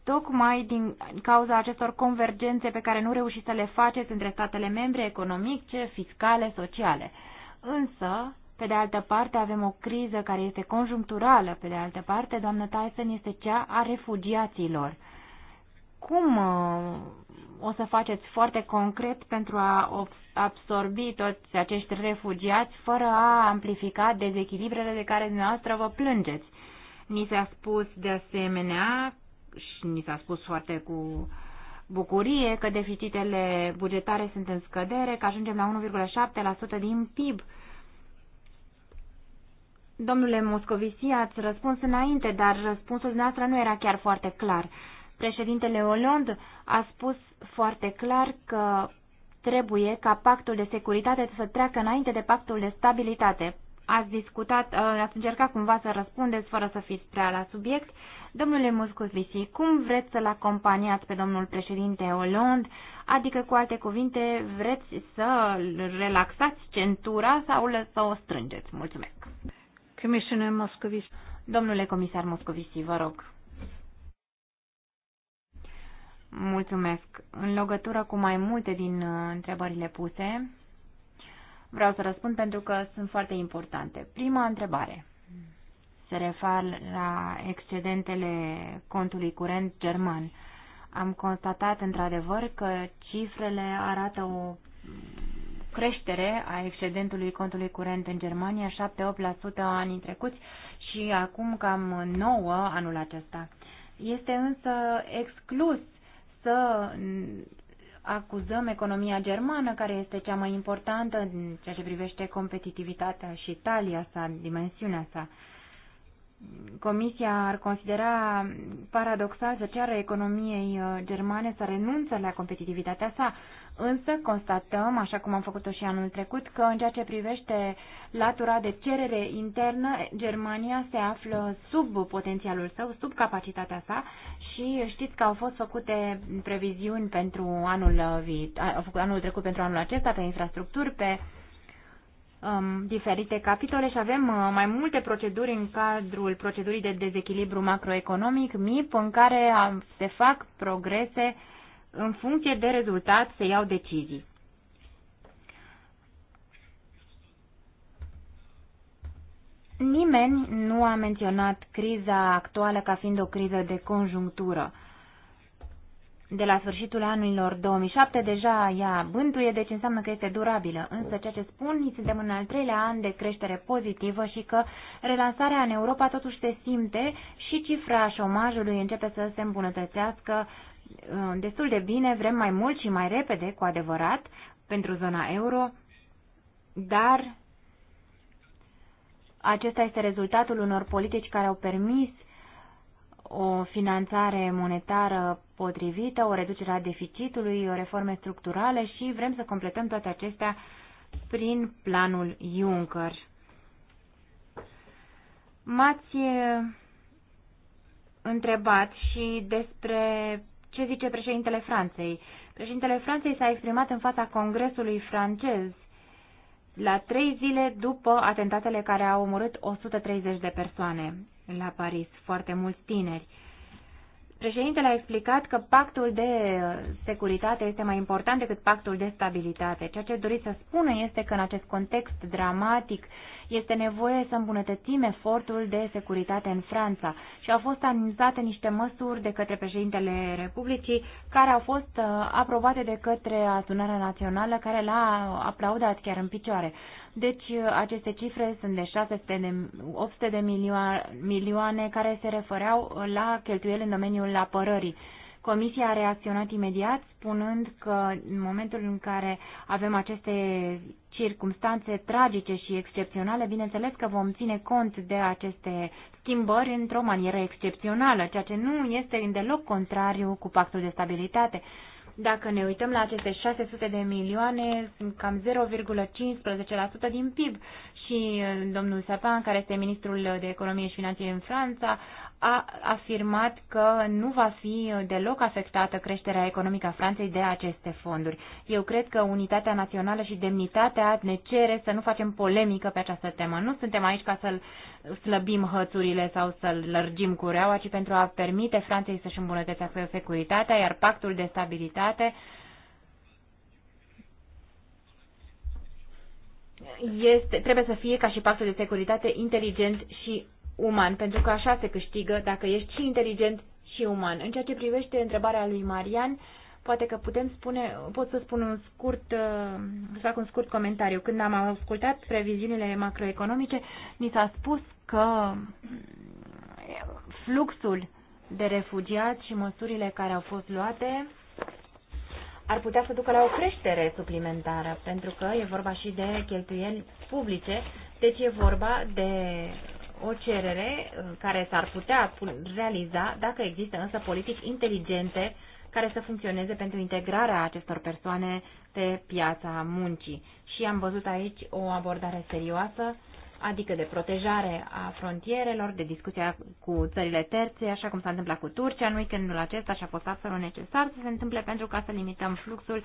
Tocmai din cauza acestor convergențe pe care nu reușiți să le faceți între statele membre economice, fiscale, sociale. Însă, pe de altă parte, avem o criză care este conjuncturală. Pe de altă parte, doamnă Tyson, este cea a refugiaților. Cum uh, o să faceți foarte concret pentru a absorbi toți acești refugiați fără a amplifica dezechilibrele de care dumneavoastră vă plângeți. Ni s-a spus de asemenea și ni s-a spus foarte cu bucurie că deficitele bugetare sunt în scădere, că ajungem la 1,7% din PIB. Domnule Moscovici, ați răspuns înainte, dar răspunsul dumneavoastră nu era chiar foarte clar. Președintele Hollande a spus foarte clar că trebuie ca pactul de securitate să treacă înainte de pactul de stabilitate. Ați discutat, uh, ați încercat cumva să răspundeți fără să fiți prea la subiect. Domnule Muscovisi, cum vreți să-l acompaniați pe domnul președinte Hollande? Adică, cu alte cuvinte, vreți să relaxați centura sau să o strângeți? Mulțumesc. Moscovici. Domnule comisar Moscovici, vă rog. Mulțumesc. În legătură cu mai multe din uh, întrebările puse, vreau să răspund pentru că sunt foarte importante. Prima întrebare se refer la excedentele contului curent german. Am constatat într-adevăr că cifrele arată o creștere a excedentului contului curent în Germania, 7-8% anii trecuți și acum cam 9% anul acesta. Este însă exclus să acuzăm economia germană, care este cea mai importantă în ceea ce privește competitivitatea și talia sa, dimensiunea sa. Comisia ar considera paradoxal să ceară economiei uh, germane să renunță la competitivitatea sa, însă constatăm, așa cum am făcut-o și anul trecut, că în ceea ce privește latura de cerere internă, Germania se află sub potențialul său, sub capacitatea sa și știți că au fost făcute previziuni pentru anul, anul trecut, pentru anul acesta, pe infrastructuri, pe um, diferite capitole și avem uh, mai multe proceduri în cadrul procedurii de dezechilibru macroeconomic, MIP, în care se fac progrese în funcție de rezultat, se iau decizii. Nimeni nu a menționat criza actuală ca fiind o criză de conjunctură. Uh, de la sfârșitul anilor 2007 deja ea bântuie, deci înseamnă că este durabilă. Însă ceea ce spun, suntem în al treilea an de creștere pozitivă și că relansarea în Europa totuși se simte și cifra șomajului începe să se îmbunătățească uh, destul de bine, vrem mai mult și mai repede, cu adevărat, pentru zona euro, dar acesta este rezultatul unor politici care au permis uh, o finanțare monetară potrivită, o reducere a deficitului, o reforme structurale și vrem să completăm toate acestea prin planul Juncker. M-ați întrebat și despre ce zice președintele Franței. Președintele Franței s-a exprimat în fața Congresului francez la trei zile după atentatele care au omorât 130 de persoane la Paris, foarte mulți tineri. Președintele a explicat că pactul de securitate este mai important decât pactul de stabilitate. Ceea ce doriți să spună este că în acest context dramatic este nevoie să îmbunătățim efortul de securitate în Franța și au fost anunțate niște măsuri de către președintele Republicii care au fost uh, aprobate de către adunarea națională care l-a aplaudat chiar în picioare. Deci uh, aceste cifre sunt de 600 de, 800 de milioane, milioane care se refereau la cheltuieli în domeniul apărării. Comisia a reacționat imediat spunând că în momentul în care avem aceste circumstanțe tragice și excepționale, bineînțeles că vom ține cont de aceste schimbări într-o manieră excepțională, ceea ce nu este în deloc contrariu cu pactul de stabilitate. Dacă ne uităm la aceste 600 de milioane, sunt cam 0,15% din PIB și uh, domnul Sapan, care este ministrul de economie și finanțe în Franța, a afirmat că nu va fi deloc afectată creșterea economică a Franței de aceste fonduri. Eu cred că unitatea națională și demnitatea ne cere să nu facem polemică pe această temă. Nu suntem aici ca să-l slăbim hățurile sau să-l lărgim cureaua, ci pentru a permite Franței să-și îmbunătățească securitatea, iar pactul de stabilitate este, trebuie să fie ca și pactul de securitate inteligent și uman, pentru că așa se câștigă dacă ești și inteligent și uman. În ceea ce privește întrebarea lui Marian, poate că putem spune, pot să spun un scurt, uh, să fac un scurt comentariu. Când am ascultat previziunile macroeconomice, mi s-a spus că fluxul de refugiați și măsurile care au fost luate ar putea să ducă la o creștere suplimentară, pentru că e vorba și de cheltuieli publice, deci e vorba de o cerere uh, care s-ar putea realiza dacă există însă politici inteligente care să funcționeze pentru integrarea acestor persoane pe piața muncii. Și am văzut aici o abordare serioasă, adică de protejare a frontierelor, de discuția cu țările terțe, așa cum s-a întâmplat cu Turcia în weekendul acesta și a fost absolut necesar să se întâmple pentru ca să limităm fluxul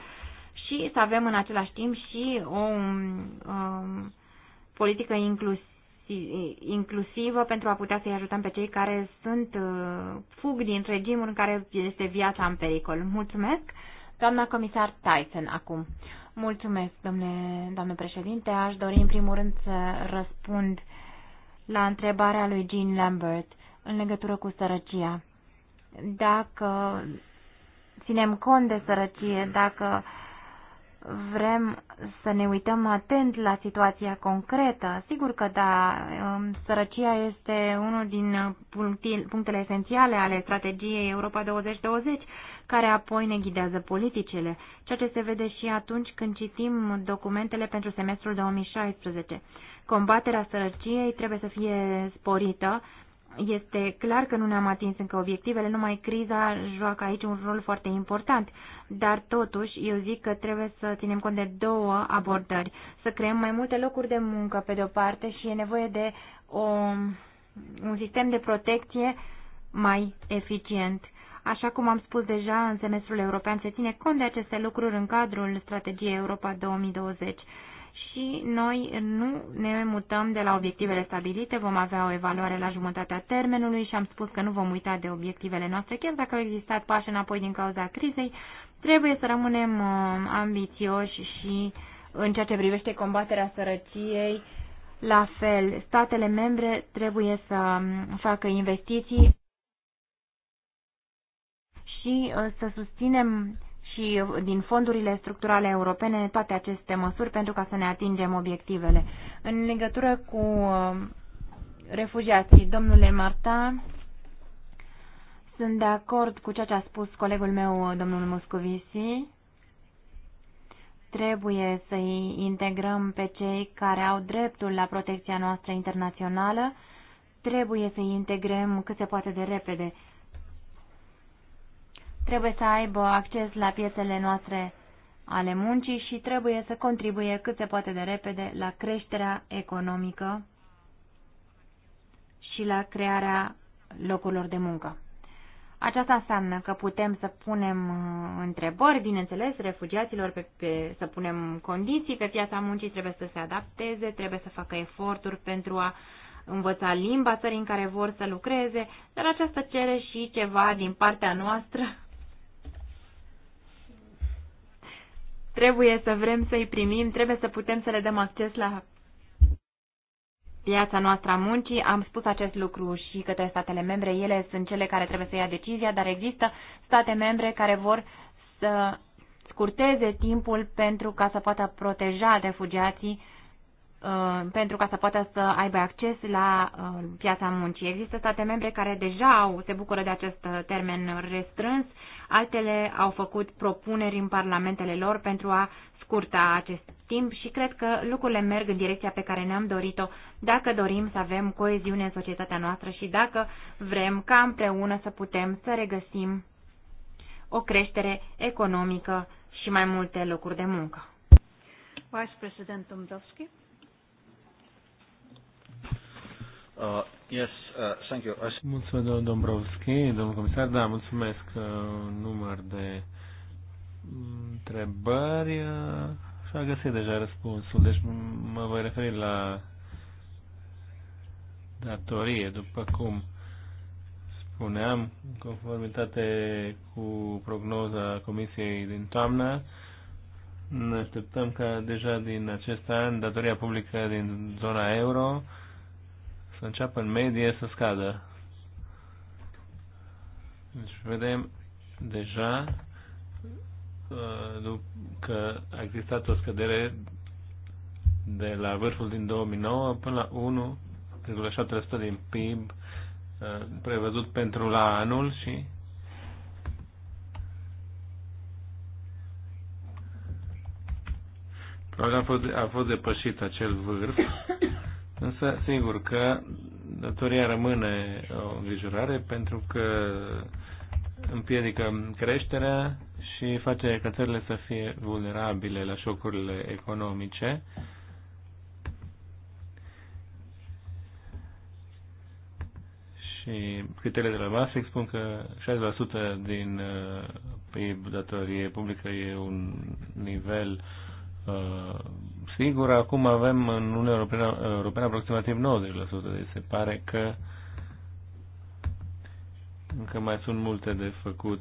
și să avem în același timp și o um, um politică inclusivă inclusivă pentru a putea să-i ajutăm pe cei care sunt uh, fug din regimul în care este viața în pericol. Mulțumesc, doamna comisar Tyson, acum. Mulțumesc, domnule, doamne președinte. Aș dori în primul rând să răspund la întrebarea lui Jean Lambert în legătură cu sărăcia. Dacă ținem cont de sărăcie, dacă uh, vrem să ne uităm atent la situația concretă. Sigur că da, um, sărăcia este unul din uh, punctele esențiale ale strategiei Europa 2020, care apoi ne ghidează politicile, ceea ce se vede și atunci când citim documentele pentru semestrul 2016. Combaterea sărăciei trebuie să fie sporită este clar că nu ne-am atins încă obiectivele, numai criza joacă aici un rol foarte important, dar totuși eu zic că trebuie să ținem cont de două abordări, să creăm mai multe locuri de muncă pe de-o parte și e nevoie de o, un sistem de protecție mai eficient. Așa cum am spus deja, în semestrul european se ține cont de aceste lucruri în cadrul strategiei Europa 2020 și noi nu ne mutăm de la obiectivele stabilite, vom avea o evaluare la jumătatea termenului și am spus că nu vom uita de obiectivele noastre, chiar dacă au existat pași înapoi din cauza crizei, trebuie să rămânem uh, ambițioși și în ceea ce privește combaterea sărăciei, la fel, statele membre trebuie să um, facă investiții și uh, să susținem și din fondurile structurale europene toate aceste măsuri pentru ca să ne atingem obiectivele. În legătură cu um, refugiații, domnule Marta, sunt de acord cu ceea ce a spus colegul meu, domnul Moscovici. Trebuie să-i integrăm pe cei care au dreptul la protecția noastră internațională. Trebuie să-i integrăm cât se poate de repede trebuie să aibă acces la piețele noastre ale muncii și trebuie să contribuie cât se poate de repede la creșterea economică și la crearea locurilor de muncă. Aceasta înseamnă că putem să punem uh, întrebări, bineînțeles, refugiaților, pe, pe, să punem condiții pe piața muncii, trebuie să se adapteze, trebuie să facă eforturi pentru a învăța limba țării în care vor să lucreze, dar aceasta cere și ceva din partea noastră Trebuie să vrem să-i primim, trebuie să putem să le dăm acces la piața noastră a muncii. Am spus acest lucru și către statele membre. Ele sunt cele care trebuie să ia decizia, dar există state membre care vor să scurteze timpul pentru ca să poată proteja refugiații uh, pentru ca să poată să aibă acces la uh, piața muncii. Există state membre care deja au, se bucură de acest uh, termen restrâns, Altele au făcut propuneri în parlamentele lor pentru a scurta acest timp și cred că lucrurile merg în direcția pe care ne-am dorit-o dacă dorim să avem coeziune în societatea noastră și dacă vrem ca împreună să putem să regăsim o creștere economică și mai multe locuri de muncă. Vice President Dombrovski. Uh, yes, uh, thank you. Mulțumesc, domnul Dombrovski, domnul comisar. Da, mulțumesc. Uh, număr de întrebări uh, și a găsit deja răspunsul. Deci mă voi referi la datorie, după cum spuneam, în conformitate cu prognoza Comisiei din toamnă, ne așteptăm ca deja din acest an datoria publică din zona euro să înceapă în medie să scadă. Deci vedem deja uh, că a existat o scădere de la vârful din 2009 până la 1,7% din PIB uh, prevăzut pentru la anul și probabil a fost, a fost depășit acel vârf Însă, sigur că datoria rămâne o îngrijorare pentru că împiedică creșterea și face ca țările să fie vulnerabile la șocurile economice. Și criteriile de la Maastricht spun că 60% din PIB uh, datorie publică e un nivel uh, Sigur, acum avem în Uniunea Europeană, Europeană aproximativ 90%, deci se pare că încă mai sunt multe de făcut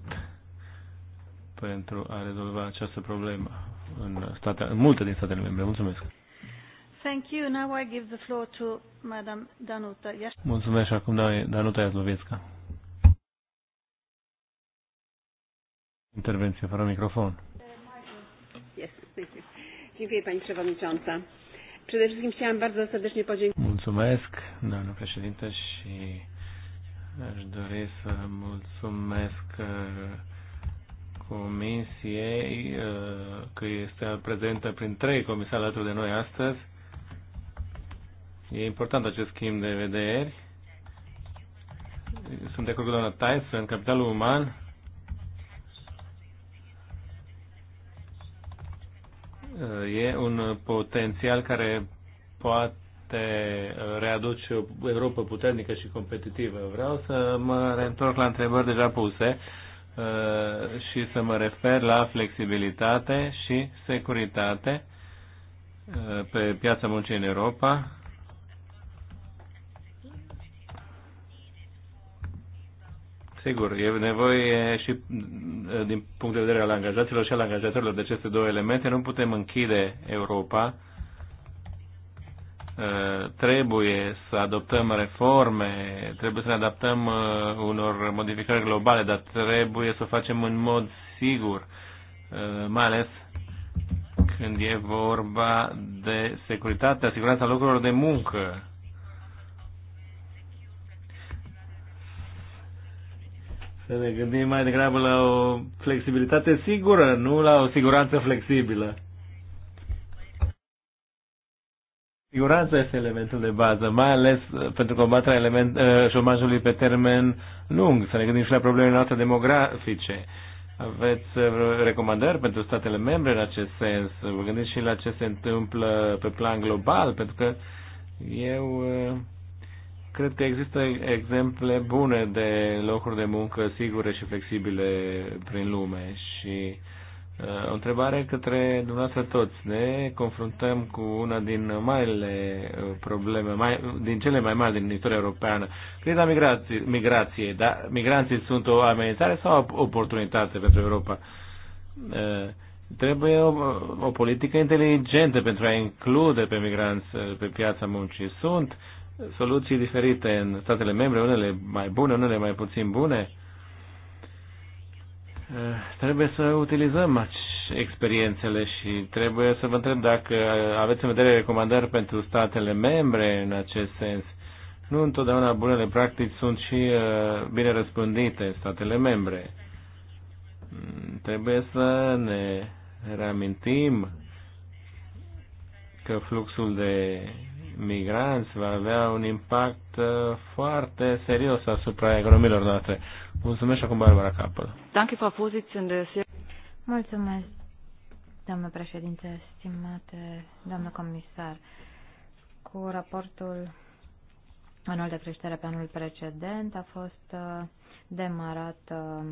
pentru a rezolva această problemă în, state, în multe din statele membre. Mulțumesc! Thank you. Now I give the floor to Madam Danuta. Yes. Mulțumesc și acum Danuta Iazlovietska. Intervenție fără microfon. Yes, thank you. Dziękuję Pani Przewodnicząca. Przede wszystkim chciałam bardzo serdecznie podziękować. Mulțumesc, doamnă președintă, și aș dori să mulțumesc uh, Comisiei uh, că este prezentă prin trei comisari alături de noi astăzi. E important acest schimb de vederi. Sunt de acord cu doamna Tyson, capitalul uman e un potențial care poate readuce o Europa puternică și competitivă. Vreau să mă reîntorc la întrebări deja puse uh, și să mă refer la flexibilitate și securitate uh, pe piața muncii în Europa Sigur, e nevoie și mm, din punct de vedere al angajaților și al angajatorilor de aceste două elemente. Nu putem închide Europa. Uh, trebuie să adoptăm reforme, trebuie să ne adaptăm uh, unor modificări globale, dar trebuie să o facem în mod sigur, uh, mai ales când e vorba de securitatea, siguranța locurilor de muncă să ne gândim mai degrabă la o flexibilitate sigură, nu la o siguranță flexibilă. Siguranța este elementul de bază, mai ales uh, pentru combaterea element, uh, șomajului pe termen lung. Să ne gândim și la problemele noastre demografice. Aveți uh, recomandări pentru statele membre în acest sens? Vă gândiți și la ce se întâmplă pe plan global? Pentru că eu Cred că există exemple bune de locuri de muncă sigure și flexibile prin lume și uh, o întrebare către dumneavoastră toți. Ne confruntăm cu una din marile uh, probleme, mai, din cele mai mari din istoria europeană. Criza migrației, migrație, dar migranții sunt o amenințare sau o oportunitate pentru Europa? Uh, trebuie o, o politică inteligentă pentru a include pe migranți pe piața muncii. Sunt soluții diferite în statele membre, unele mai bune, unele mai puțin bune. Eh, trebuie să utilizăm experiențele și trebuie să vă întreb dacă aveți în vedere recomandări pentru statele membre în acest sens. Nu întotdeauna bunele practici sunt și eh, bine răspândite în statele membre. Mm, trebuie să ne reamintim că fluxul de migranți va avea un impact uh, foarte serios asupra economiilor noastre. Mulțumesc și acum Barbara Capăl. Mulțumesc, doamnă președinte, stimate doamnă comisar. Cu raportul anul de creștere pe anul precedent a fost uh, demarat uh,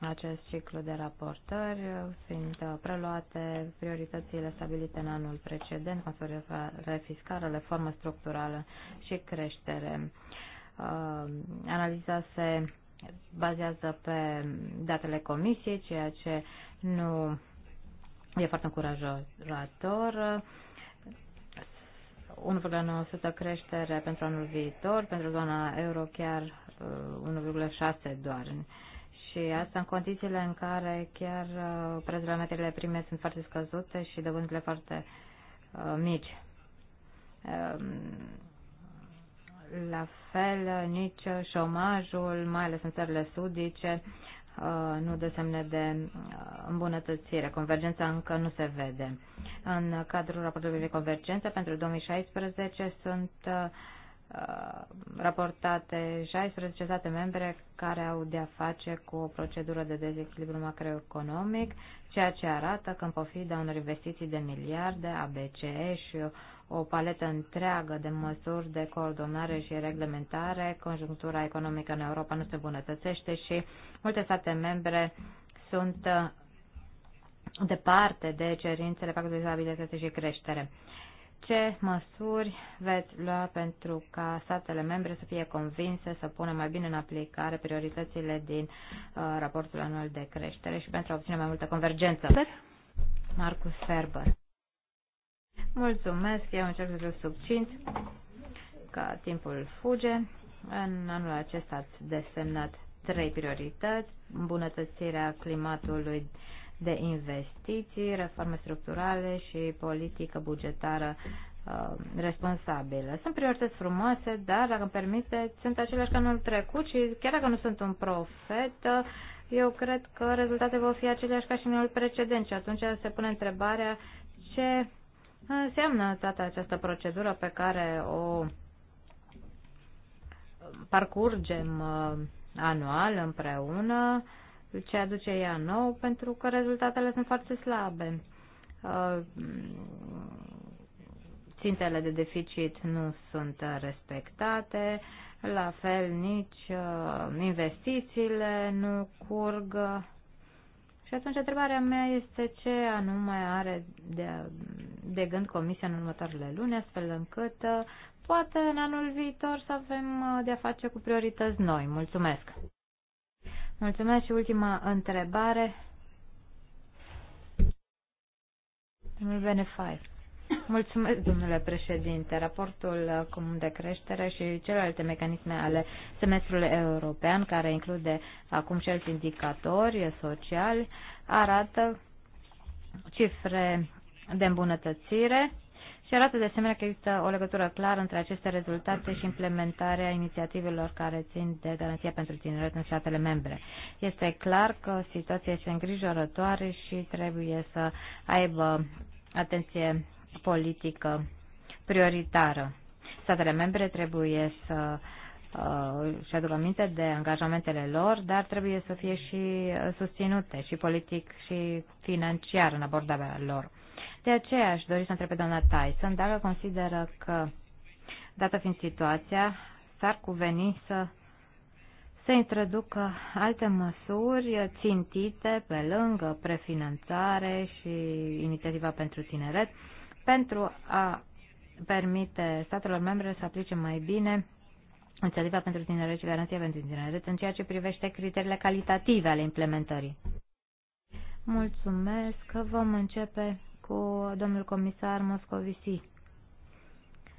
acest ciclu de raportări fiind preluate prioritățile stabilite în anul precedent, măsuri fiscală, reformă structurală și creștere. Uh, analiza se bazează pe datele comisiei, ceea ce nu e foarte încurajator. 1,9% creștere pentru anul viitor, pentru zona euro chiar 1,6% uh, doar. Și asta în condițiile în care chiar uh, prețurile materiile prime sunt foarte scăzute și dobânzile foarte uh, mici. Ehm, la fel, uh, nici șomajul, mai ales în țările sudice, uh, nu dă semne de îmbunătățire. Convergența încă nu se vede. În cadrul raportului de convergență pentru 2016 sunt Uh, raportate 16 state membre care au de-a face cu o procedură de dezechilibru macroeconomic, ceea ce arată că în pofida unor investiții de miliarde, ABCE și o paletă întreagă de măsuri de coordonare și reglementare, conjunctura economică în Europa nu se îmbunătățește și multe state membre sunt uh, departe de cerințele pactului de stabilitate și creștere ce măsuri veți lua pentru ca statele membre să fie convinse să pună mai bine în aplicare prioritățile din uh, raportul anual de creștere și pentru a obține mai multă convergență? Marcus Ferber. Mulțumesc, eu încerc să fiu subțint, Ca timpul fuge. În anul acesta ați desemnat trei priorități, îmbunătățirea climatului uh, de investiții, reforme structurale și politică bugetară uh, responsabilă. Sunt priorități frumoase, dar, dacă îmi permite, sunt aceleași ca anul trecut și chiar dacă nu sunt un profet, uh, eu cred că rezultatele vor fi aceleași ca și în anul precedent și atunci se pune întrebarea ce înseamnă toată această procedură pe care o parcurgem uh, anual împreună ce aduce ea nou, pentru că rezultatele sunt foarte slabe. Uh, țintele de deficit nu sunt respectate, la fel nici uh, investițiile nu curg. Și atunci întrebarea mea este ce anume are de, de gând Comisia în următoarele luni, astfel încât uh, poate în anul viitor să avem de-a face cu priorități noi. Mulțumesc! Mulțumesc și ultima întrebare. Domnul Benefai. Mulțumesc, domnule președinte. Raportul comun de creștere și celelalte mecanisme ale semestrului european, care include acum și alți indicatori sociali, arată cifre de îmbunătățire și arată de asemenea că există o legătură clară între aceste rezultate și implementarea inițiativelor care țin de garanția pentru tineret în statele membre. Este clar că situația este îngrijorătoare și trebuie să aibă atenție politică prioritară. Statele membre trebuie să uh, și aduc aminte de angajamentele lor, dar trebuie să fie și uh, susținute și politic și financiar în abordarea lor. De aceea aș dori să întreb pe doamna Tyson dacă consideră că, dată fiind situația, s-ar cuveni să se introducă alte măsuri țintite pe lângă prefinanțare și inițiativa pentru tineret pentru a permite statelor membre să aplice mai bine inițiativa pentru tineret și garanția pentru tineret în ceea ce privește criteriile calitative ale implementării. Mulțumesc că vom începe cu domnul comisar Moscovici.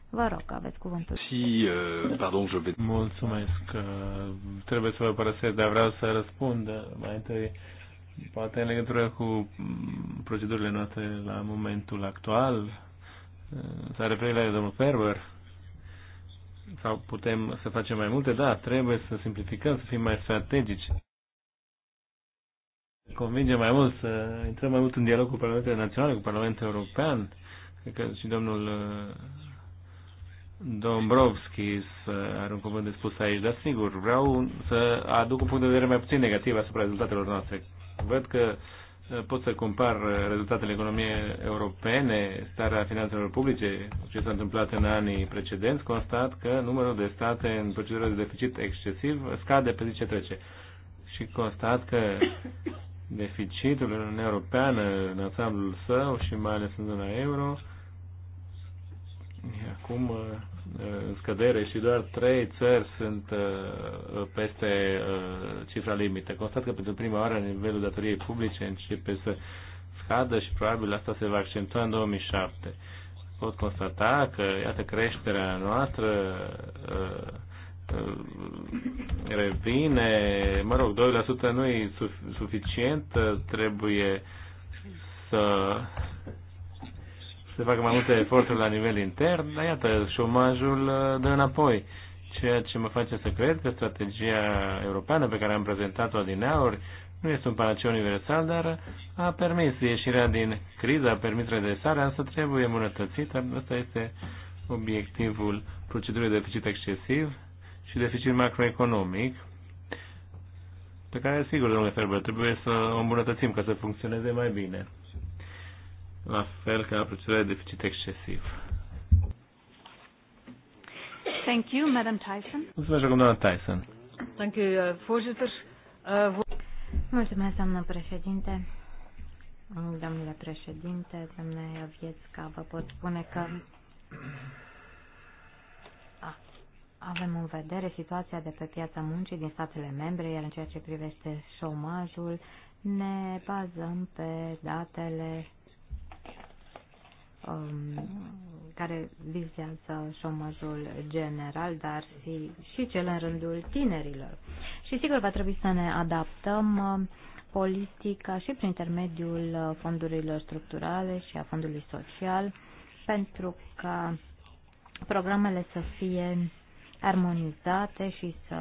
Vă rog, aveți cuvântul. Și, uh, pardon, je vais... Mulțumesc. Uh, trebuie să vă părăsesc, dar vreau să răspund mai întâi. Poate în legătură cu mm, procedurile noastre la momentul actual, uh, s-a referit la domnul Ferber, sau putem să facem mai multe? Da, trebuie să simplificăm, să fim mai strategici convinge mai mult să intrăm mai mult în dialog cu Parlamentul Național, cu Parlamentul European. Cred că și domnul uh, Dombrovski are un cuvânt de spus aici, dar sigur, vreau să aduc un punct de vedere mai puțin negativ asupra rezultatelor noastre. Văd că uh, pot să compar uh, rezultatele economiei europene, starea finanțelor publice, ce s-a întâmplat în anii precedenți, constat că numărul de state în procedură de deficit excesiv scade pe zi ce trece. Și constat că deficitul în Uniunea Europeană, în ansamblul său și mai ales în zona euro, acum uh, în scădere și doar trei țări sunt uh, peste uh, cifra limită. Constat că pentru prima oară nivelul datoriei publice începe să scadă și probabil asta se va accentua în 2007. Pot constata că, iată, creșterea noastră Ehm, revine. Mă rog, 2% nu e suficient, trebuie să se facă mai multe eforturi la nivel intern, dar iată, șomajul uh, dă înapoi. Ceea ce mă face să cred că strategia europeană pe care am prezentat-o adineauri nu este un panaceu universal, dar a permis ieșirea din criză, a permis redresarea, însă trebuie îmbunătățită. Asta este obiectivul procedurii de deficit excesiv și deficit macroeconomic, pe care, sigur, domnule Ferber, trebuie să o îmbunătățim ca să funcționeze mai bine. La fel ca procedura de deficit excesiv. Thank you, Madam Tyson. Mulțumesc, doamna Tyson. Thank you, uh, Uh, Mulțumesc, doamnă președinte. Domnule președinte, domnule Ovietska, vă pot spune că avem în vedere situația de pe piața muncii din statele membre, iar în ceea ce privește șomajul, ne bazăm pe datele um, care vizează șomajul general, dar și, și cel în rândul tinerilor. Și sigur va trebui să ne adaptăm um, politica și prin intermediul uh, fondurilor structurale și a fondului social pentru ca programele să fie armonizate și să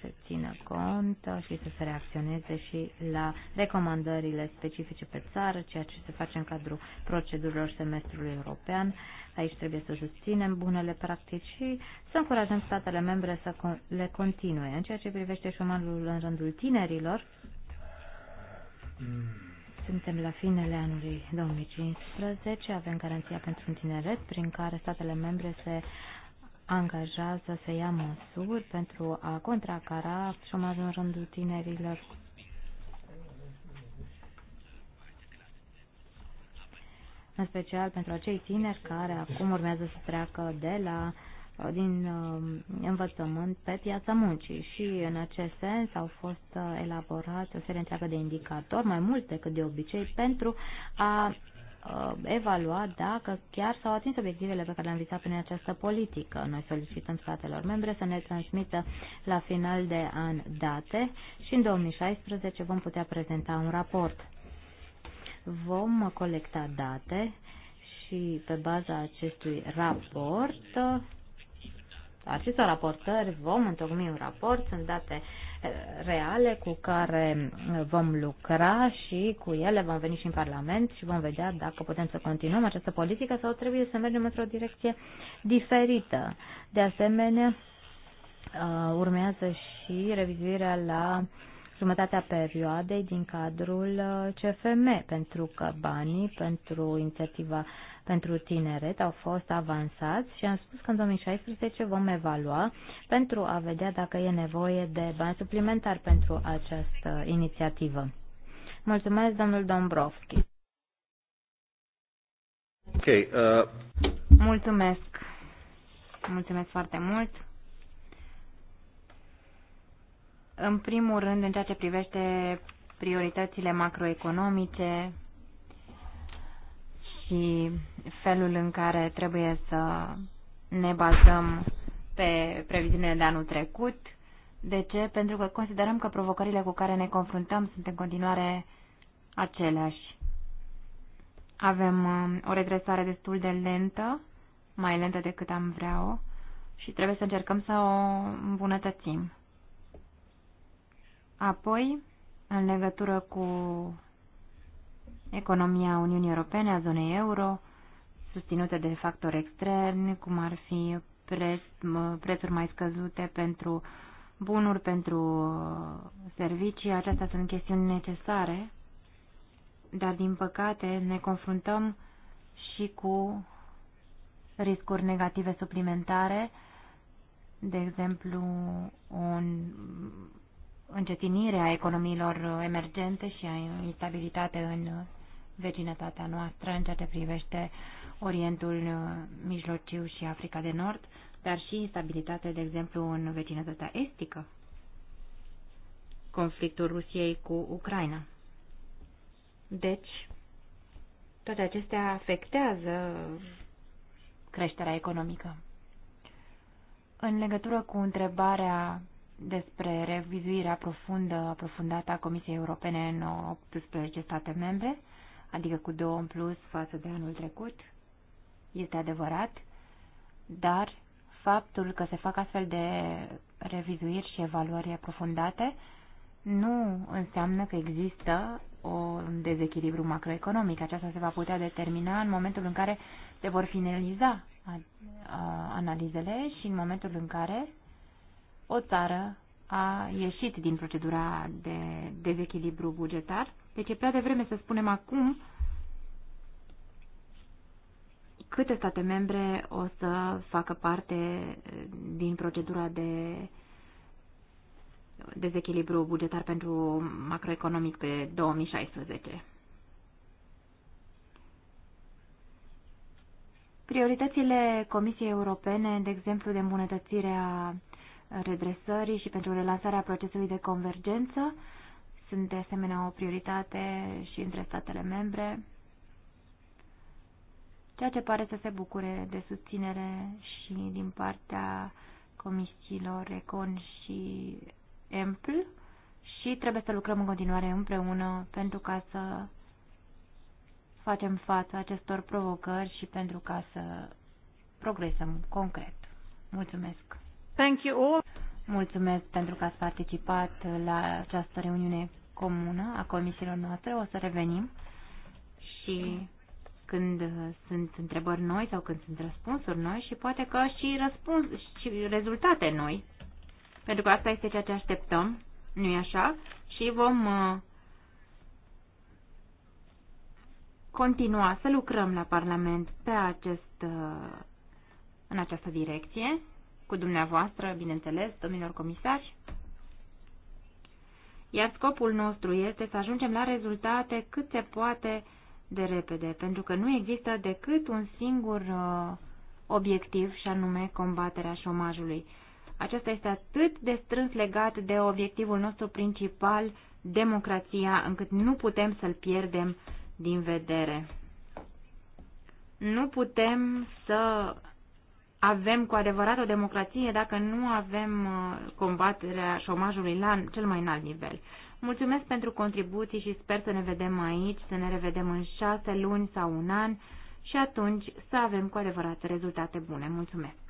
se țină cont și să se reacționeze și la recomandările specifice pe țară, ceea ce se face în cadrul procedurilor semestrului european. Aici trebuie să susținem bunele practici și să încurajăm statele membre să le continue. În ceea ce privește șomanul în rândul tinerilor, suntem la finele anului 2015, avem garanția pentru un tineret prin care statele membre se angajează să ia măsuri pentru a contracara șomajul în rândul tinerilor. În special pentru acei tineri care acum urmează să treacă de la din um, învățământ pe piața muncii și în acest sens au fost elaborate o serie întreagă de indicatori, mai multe decât de obicei, pentru a Uh, evalua dacă chiar s-au atins obiectivele pe care le-am visat prin această politică. Noi solicităm statelor membre să ne transmită la final de an date și în 2016 vom putea prezenta un raport. Vom colecta date și pe baza acestui raport uh, acestor raportări vom întocmi un raport, sunt date reale cu care vom lucra și cu ele vom veni și în Parlament și vom vedea dacă putem să continuăm această politică sau trebuie să mergem într-o direcție diferită. De asemenea, uh, urmează și revizuirea la uh, jumătatea perioadei din cadrul uh, CFM, pentru că banii pentru inițiativa pentru tineret au fost avansați și am spus că în 2016 vom evalua pentru a vedea dacă e nevoie de bani suplimentari pentru această inițiativă. Mulțumesc, domnul Dombrovski. Okay, Uh... Mulțumesc. Mulțumesc foarte mult. În primul rând, în ceea ce privește prioritățile macroeconomice și felul în care trebuie să ne bazăm pe previziunile de anul trecut. De ce? Pentru că considerăm că provocările cu care ne confruntăm sunt în continuare aceleași. Avem uh, o regresare destul de lentă, mai lentă decât am vrea-o, și trebuie să încercăm să o îmbunătățim. Apoi, în legătură cu economia Uniunii Europene, a zonei euro, susținută de factori externi, cum ar fi prețuri mai scăzute pentru bunuri, pentru uh, servicii, acestea sunt chestiuni necesare, dar din păcate ne confruntăm și cu riscuri negative suplimentare, de exemplu, un încetinire a economiilor emergente și a instabilitate în vecinătatea noastră în ceea ce privește Orientul Mijlociu și Africa de Nord, dar și instabilitate, de exemplu, în vecinătatea estică, conflictul Rusiei cu Ucraina. Deci, toate acestea afectează creșterea economică. În legătură cu întrebarea despre revizuirea profundă, aprofundată a Comisiei Europene în 18 state membre, adică cu două în plus față de anul trecut. Este adevărat, dar faptul că se fac astfel de revizuiri și evaluări aprofundate nu înseamnă că există un dezechilibru macroeconomic. Aceasta se va putea determina în momentul în care se vor finaliza analizele și în momentul în care o țară a ieșit din procedura de dezechilibru bugetar. Deci e prea devreme să spunem acum câte state membre o să facă parte eh, din procedura de dezechilibru bugetar pentru macroeconomic pe 2016. Prioritățile Comisiei Europene, de exemplu, de îmbunătățirea redresării și pentru relansarea procesului de convergență. Sunt de asemenea o prioritate și între statele membre, ceea ce pare să se bucure de susținere și din partea comisiilor Recon și EMPL și trebuie să lucrăm în continuare împreună pentru ca să facem față acestor provocări și pentru ca să progresăm concret. Mulțumesc! Thank you all. Mulțumesc pentru că ați participat la această reuniune comună a comisiilor noastre. O să revenim și când sunt întrebări noi sau când sunt răspunsuri noi și poate că și, răspuns, și rezultate noi. Pentru că asta este ceea ce așteptăm, nu-i așa? Și vom uh, continua să lucrăm la Parlament pe acest, uh, în această direcție cu dumneavoastră, bineînțeles, domnilor comisari. Iar scopul nostru este să ajungem la rezultate cât se poate de repede, pentru că nu există decât un singur uh, obiectiv și anume combaterea șomajului. Acesta este atât de strâns legat de obiectivul nostru principal, democrația, încât nu putem să-l pierdem din vedere. Nu putem să avem cu adevărat o democrație dacă nu avem uh, combaterea șomajului la cel mai înalt nivel. Mulțumesc pentru contribuții și sper să ne vedem aici, să ne revedem în șase luni sau un an și atunci să avem cu adevărat rezultate bune. Mulțumesc!